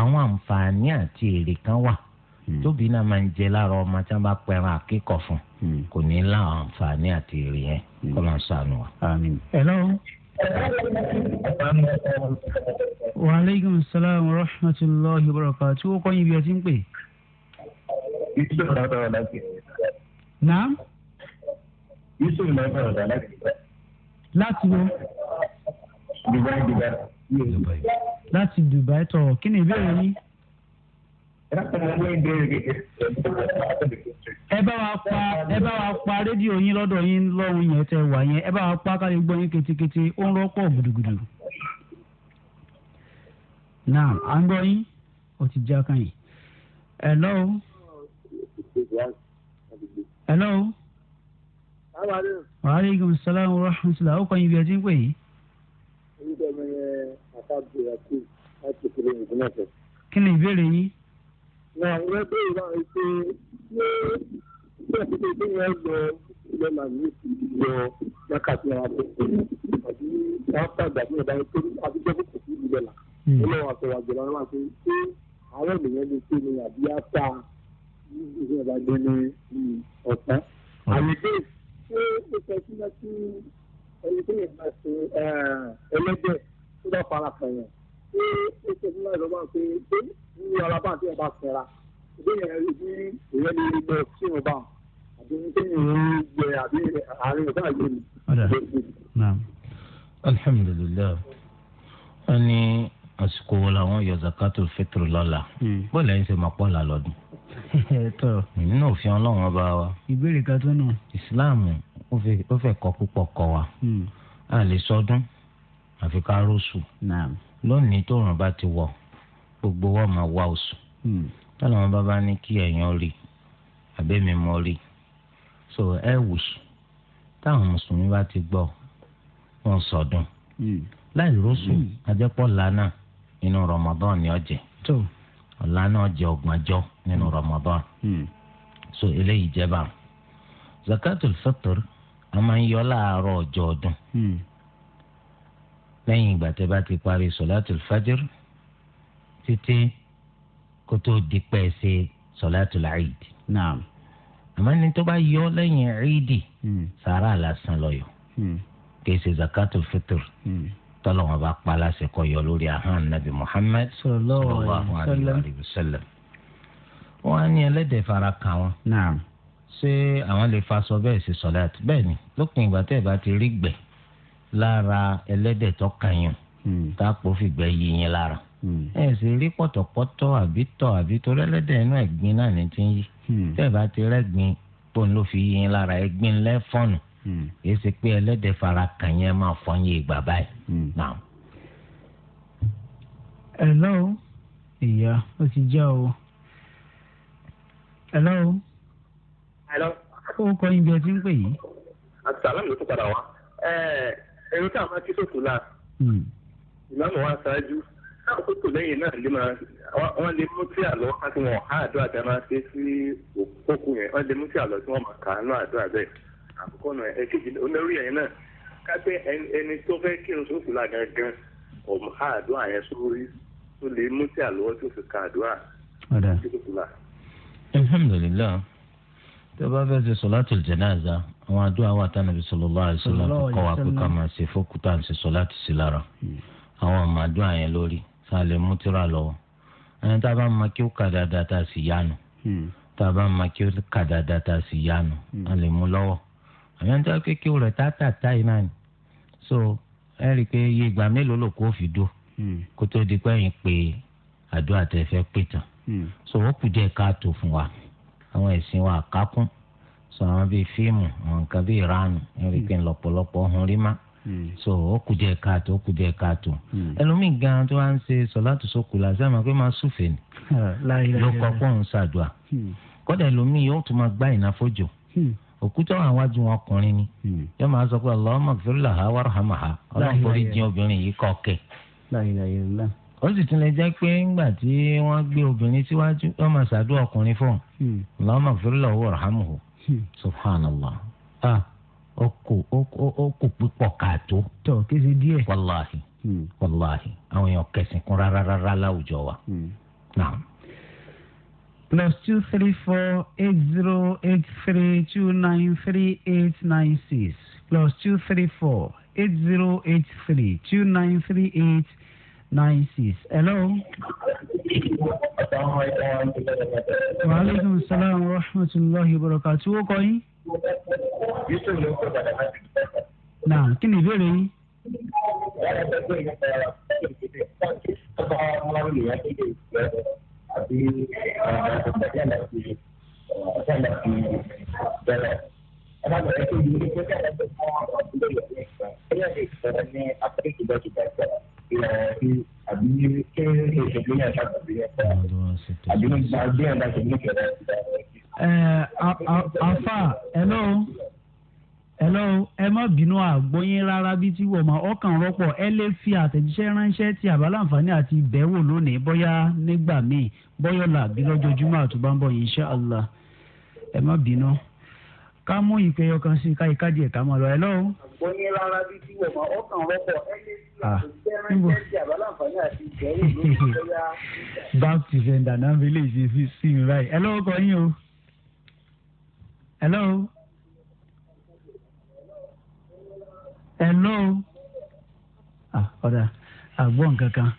àwọn àǹfààní àti èrè kan wà Hmm. tóbi náà máa ń jẹ láàárọ ọmọ tí wọn bá pẹran àkíkọ fún hmm. kò ní láwọn àǹfààní àti èrè yẹn hmm. kó máa sànù wa. hello. wa aleykum salaam wa rahmatulahi wa barakatuh tí ó kọ́ yín bí ẹ ti ń pè. yusuf lábẹ́rẹ́ láti ìgbà. naam. yusuf lábẹ́rẹ́ láti ìgbà. láti wo. dubai dubai. láti dubai tọ̀ kí ni ìbéèrè yín. ẹ bá wa pa ẹ bá wa pa rédíò yín lọ́dọ̀ yín lọ́hùn yẹn tẹ wà yẹn ẹ bá wa pa gbọ́ yín ketekete ó ń rọ́pọ̀ gudugudu. à ń gbọ́ yín ó ti já kan yìí. na àwọn ẹgbẹ́ ìwà ìṣe ṣé ṣé àtúntò tó yẹn lọ ilẹ̀ màmí lọ lákàtí àwọn akọ̀kọ̀ àti wọn fàgbà tí wọn bá ń tó àtijọ́ kò sí ìlẹ̀ là ó lọ́wọ́ àtọwà jọba wọn àti ṣé àwọn ènìyàn lè ṣe ni àbí àtà ìṣẹ́ ìbá dé ní ọ̀sán. Hmm. àmì bẹ́ẹ̀ ṣé ó sọ sílẹ̀ sí ẹni tó yẹ máa ṣe ẹlẹ́gbẹ̀ẹ́ tó bá fara kàn yẹn pé ó ṣe fún láì lọ́wọ́ pé pé ní ara bá àti ọba fẹ́ra ìdí yẹn rí bí ìyẹn ní gbẹ sí wọn bá àbí ní kí ni gbẹ àbí àárín ọba yìí ni. alhamdulilayi wọn ní àsìkò wo làwọn yọ zakatul fitr lọ́la hmm. bọ́ọ̀lù ṣe máa pọ̀ là lọ́dún. nínú òfin ọlọ́run ọba wa. ìbéèrè kan tó nù. ìsìláàmù ó fẹ́ kọ́ púpọ̀ kọ́ wa. Hmm. a lè sọdún àfi ká rọ́ọ̀sù. lónìí tóòrùn bá ti wọ gbogbo wa máa wá oṣù hmm. tọ́lá wọn bá bá ní kí ẹ̀yàn rí àbẹ́mi mọ́ rí so ẹ wùsù táwọn mùsùlùmí bá ti gbọ́ wọn sọdún hmm. láì hmm. ajẹ́pọ̀ lánà nínú Ramadan ni ọ̀jẹ̀ náà jẹ́ nínú so eléyìí jẹ́ zakatul a máa ń yọ láàárọ̀ ọjọ́ lẹ́yìn ìgbà tẹ́ bá ti parí sọ̀látùl fajr títí kó tó di pẹ́ ṣe sọ̀látùl eid. naam àmọ́ ní tó bá yọ lẹ́yìn eid hmm. sàrà lásán lọ́yọ̀ hmm. kì í ṣe zakatul fitr hmm. tọ́lọ́wọ́n bá pa láṣẹ kó yọ lórí ahọ́n nabi muhammad sallallahu alayhi wa sallam. wọ́n á ní ẹlẹ́dẹ̀ fara kàn wọ́n. ṣé àwọn lè fa sọ bẹ́ẹ̀ ṣe sọ̀látù bẹ́ẹ̀ ni lópin ìgbà tẹ́ ẹ bá ti rí gbẹ̀ẹ́ lára ẹlẹ́dẹ̀ tó kàyàn hmm. táàpọ̀ fìgbẹ́ yí yín lára hmm. ẹ sì rí pọ̀tọ̀pọ̀tọ̀ àbí tọ̀ àbí torí ẹlẹ́dẹ̀ inú ẹ̀gbin náà ní ti ń yí hmm. tẹ́ẹ̀ bá ti rẹ́gbin tó ń lò fi yí yín lára ẹ̀gbin lẹ́fọ̀nù kì í ṣe pé ẹlẹ́dẹ̀ fara kàn máa fọ́ yín ìgbà báyìí. hello ìyá ó ti já o hello. hello. o kọ́ ibi ẹ ti ń pè yìí. àti sàlámù ló tún padà wá ẹni tá a máa kí sòkò la hmm. ìmáàmù wa ṣáájú táwọn tó tò lẹ́yìn náà lè máa wọ́n lè mú tí àlọ́ àti wọn ọ̀há àdó àdá máa ṣe sí òkú yẹn wọ́n lè mú tí àlọ́ tí wọ́n máa kà á náà àdó àbẹ́ àkọ́kọ́ náà ẹ kéjì onírú yẹn náà ká pé ẹni tó fẹ́ kírun sókò la gangan ọ̀há àdó àyẹn sórí tó lè mú tí àlọ́ tó fi ka àdó à alhamdulilayi tó bá fẹ́ ṣe sọ̀látùl jánásà àwọn àdúrà wà tá nàbí sallallahu alaihi wasallam kọ́ wa pé ká máa ṣe fókútà ń ṣe sọ láti ṣe lára hmm. àwọn àmọ́ àdúrà yẹn lórí tá a lè mú tíra lọ́wọ́ ẹni tá a bá máa kí ó kà dáadáa tá a sì yánu hmm. tá a bá máa kí ó kà dáadáa tá a sì yánu hmm. a lè mú lọ́wọ́ àmì ẹni tá a kékeré rẹ̀ tá a tà tá iná ni so ẹ rí i pé iye ìgbà mélòó ló kó fi dó kó tó di pé yín pé àdúrà tẹ fẹ́ pè tán so wọ́n kù díẹ̀ káàtó fún wa àwọn ẹ̀sìn wa àkákún sọ̀rọ̀ bíi fíìmù àwọn nǹkan bíi ìranù ẹ̀rí pé hmm. lọ́pọ̀lọpọ̀ ọ̀hún rí má hmm. so ó kù díẹ̀ ó kù díẹ̀ hmm. ẹlòmíì gan tó wá ń ṣe sọ̀láàtù sókù làṣẹ pé máa súfè ni ah, ló kọ́ ń ṣàdùà kọ́dà ẹlòmíì yóò tún máa gbá ìnáfójò òkúta wà ọkùnrin ni yóò máa sọ pé obìnrin yìí ó sì tún lè jẹ́ Hmm. subhanallah ah ọkọ ọkọ púpọ̀ káàtó. tọ kése díẹ̀. wàláhi hmm. wàláhi àwọn èèyàn kẹsìn kún rárá rárá láwùjọ wa. Hmm. naam. plus two three four eight zero eight three two nine three eight nine six plus two three four eight zero eight three two nine three eight nine six. hello. waaleykum salaam wa rahmatulahi wa barakatuh wo kọ́ yín. yusuf ló kọ́ bàtà láti. náà kí ni ìbéèrè yín. Thank you àbí kí ìṣègbè yẹn ṣàkóso yẹn fún wa àbí àbí ẹ̀dá ìṣègbè kẹrẹ. afa hello hello ẹ má bínú àgbóyin rárá bí tí wọ́n máa ọkàn rọ́pọ̀ ẹ lè fi àtẹ̀jíṣẹ́ ránṣẹ́ ti àbáláǹfààní àti ìbẹ̀wò lónìí bóyá nígbà míì bóyá làbí lọ́jọ́júmọ́ àtúbá ń bọ̀ insha Allah ẹ má bínú ká mú ìpẹyọ kan sí ká ìkádìí ẹ̀ ká máa lọ hello ó ní rárá bí tí wọ̀ mọ́ ọkàn rọ́pọ̀ ẹni báàpù fẹ̀ǹdà náà fi lè ṣe sí mi báyìí. ẹ lọ́wọ́ kọ yín o. hello. hello. Ah, ọ̀dà àgbọ̀n kankan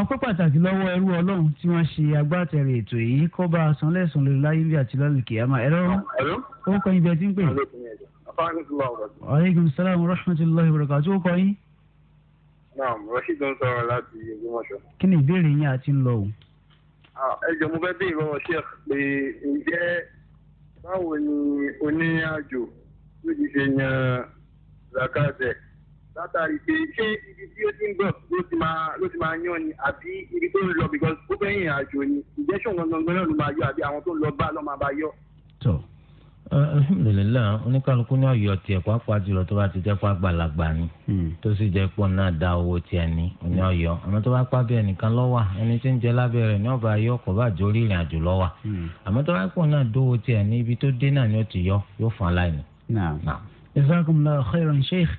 ọpẹ́ pàtàkì lọ́wọ́ ẹrú ọlọ́run tí wọ́n ṣe agbátẹrù ètò yìí kó bá a san lẹ́sùn lórí láyé bí àti lọ́lùkìyàmá ẹ̀rọ ó kọ́ ibi ẹ ti ń pè é aleykum salaam wa rahmatulahi wa barakatuh ó kọ yín. naam rasheed ń sọ̀rọ̀ láti Ògbómọ̀ṣọ́. kí ni ìbéèrè yín àti ń lọ o. ẹ jọ̀ọ́ mo fẹ́ bí ìrọ̀rọ̀ sheikh pé ǹjẹ́ báwo ni onírìnàjò ló ti ṣe yan zakat ẹ̀ látàrí pé ṣé ibi tí ó ti ń bọ̀ ló ti máa ló ti máa yán ni àbí ibi tó ń lọ because ó fẹ́ yìn àjò ni ìjẹ́sùn gangan náà ló máa yọ àbí àwọn tó ń lọ bá lọ́ máa bá yọ. Eh, alhamdulilayi oníkàlùkù ní ọyọ tiẹ̀ pàápàá jùlọ tó bá ti jẹ́ pàá gbàlagbà ni hmm. tó sì jẹ́ pọ náà da owó tiẹ̀ ni ní ọyọ àmọ́ tó bá pa bẹ́ẹ̀ nìkan lọwà ẹni tí ń jẹ lábẹ́ rẹ̀ ní ọba ayọ kò bá jọ orí ìrìn àjò lọwà hmm. àmọ́ tó bá pọ náà dówó tiẹ̀ ní ibi tó dé náà ni ó ti yọ yóò fún aláìní. jazakumullahu khairan sheikh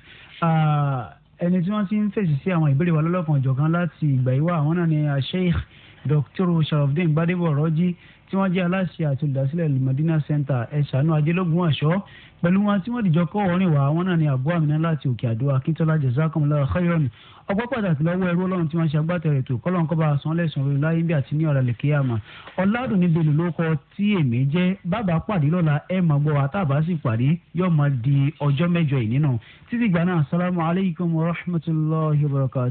ah, ẹni tí wọ́n ti ń fèsì sí àwọn ìbéèrè wa lọ́lọ́kan ọ̀jọ̀kan láti ìgbà yìí wá àwọn náà ni ah, sheikh dr sharafdin gbadebo ọ̀rọ̀jì tí wọ́n jẹ́ aláṣẹ àti olùdásílẹ̀ Madina Center ẹ̀ṣánú ajẹ́lógún ọ̀ṣọ́ pẹ̀lú wọn tí wọ́n dìjọ kọ́ orin wà àwọn náà ni àbúrò àmì náà láti òkè àdó akíntola jazakumullahu khairan ọgbọ́ pàtàkì lọ́wọ́ ẹrú ọlọ́run tí wọ́n ṣe agbátẹrẹ tó kọ́lọ́n kọ́ bá a san lẹ́sùn orí láyé bí àti ní ọ̀rọ̀ lè kíyàmà ọ̀làdùn ní bèlò ló kọ tí èmi jẹ́ bàbá pàdé lọ́la ẹ̀ máa gbọ́ wa tá a bá sì pàdé yóò máa di ọjọ́ mẹ́jọ yìí nínú títí gbà náà salamu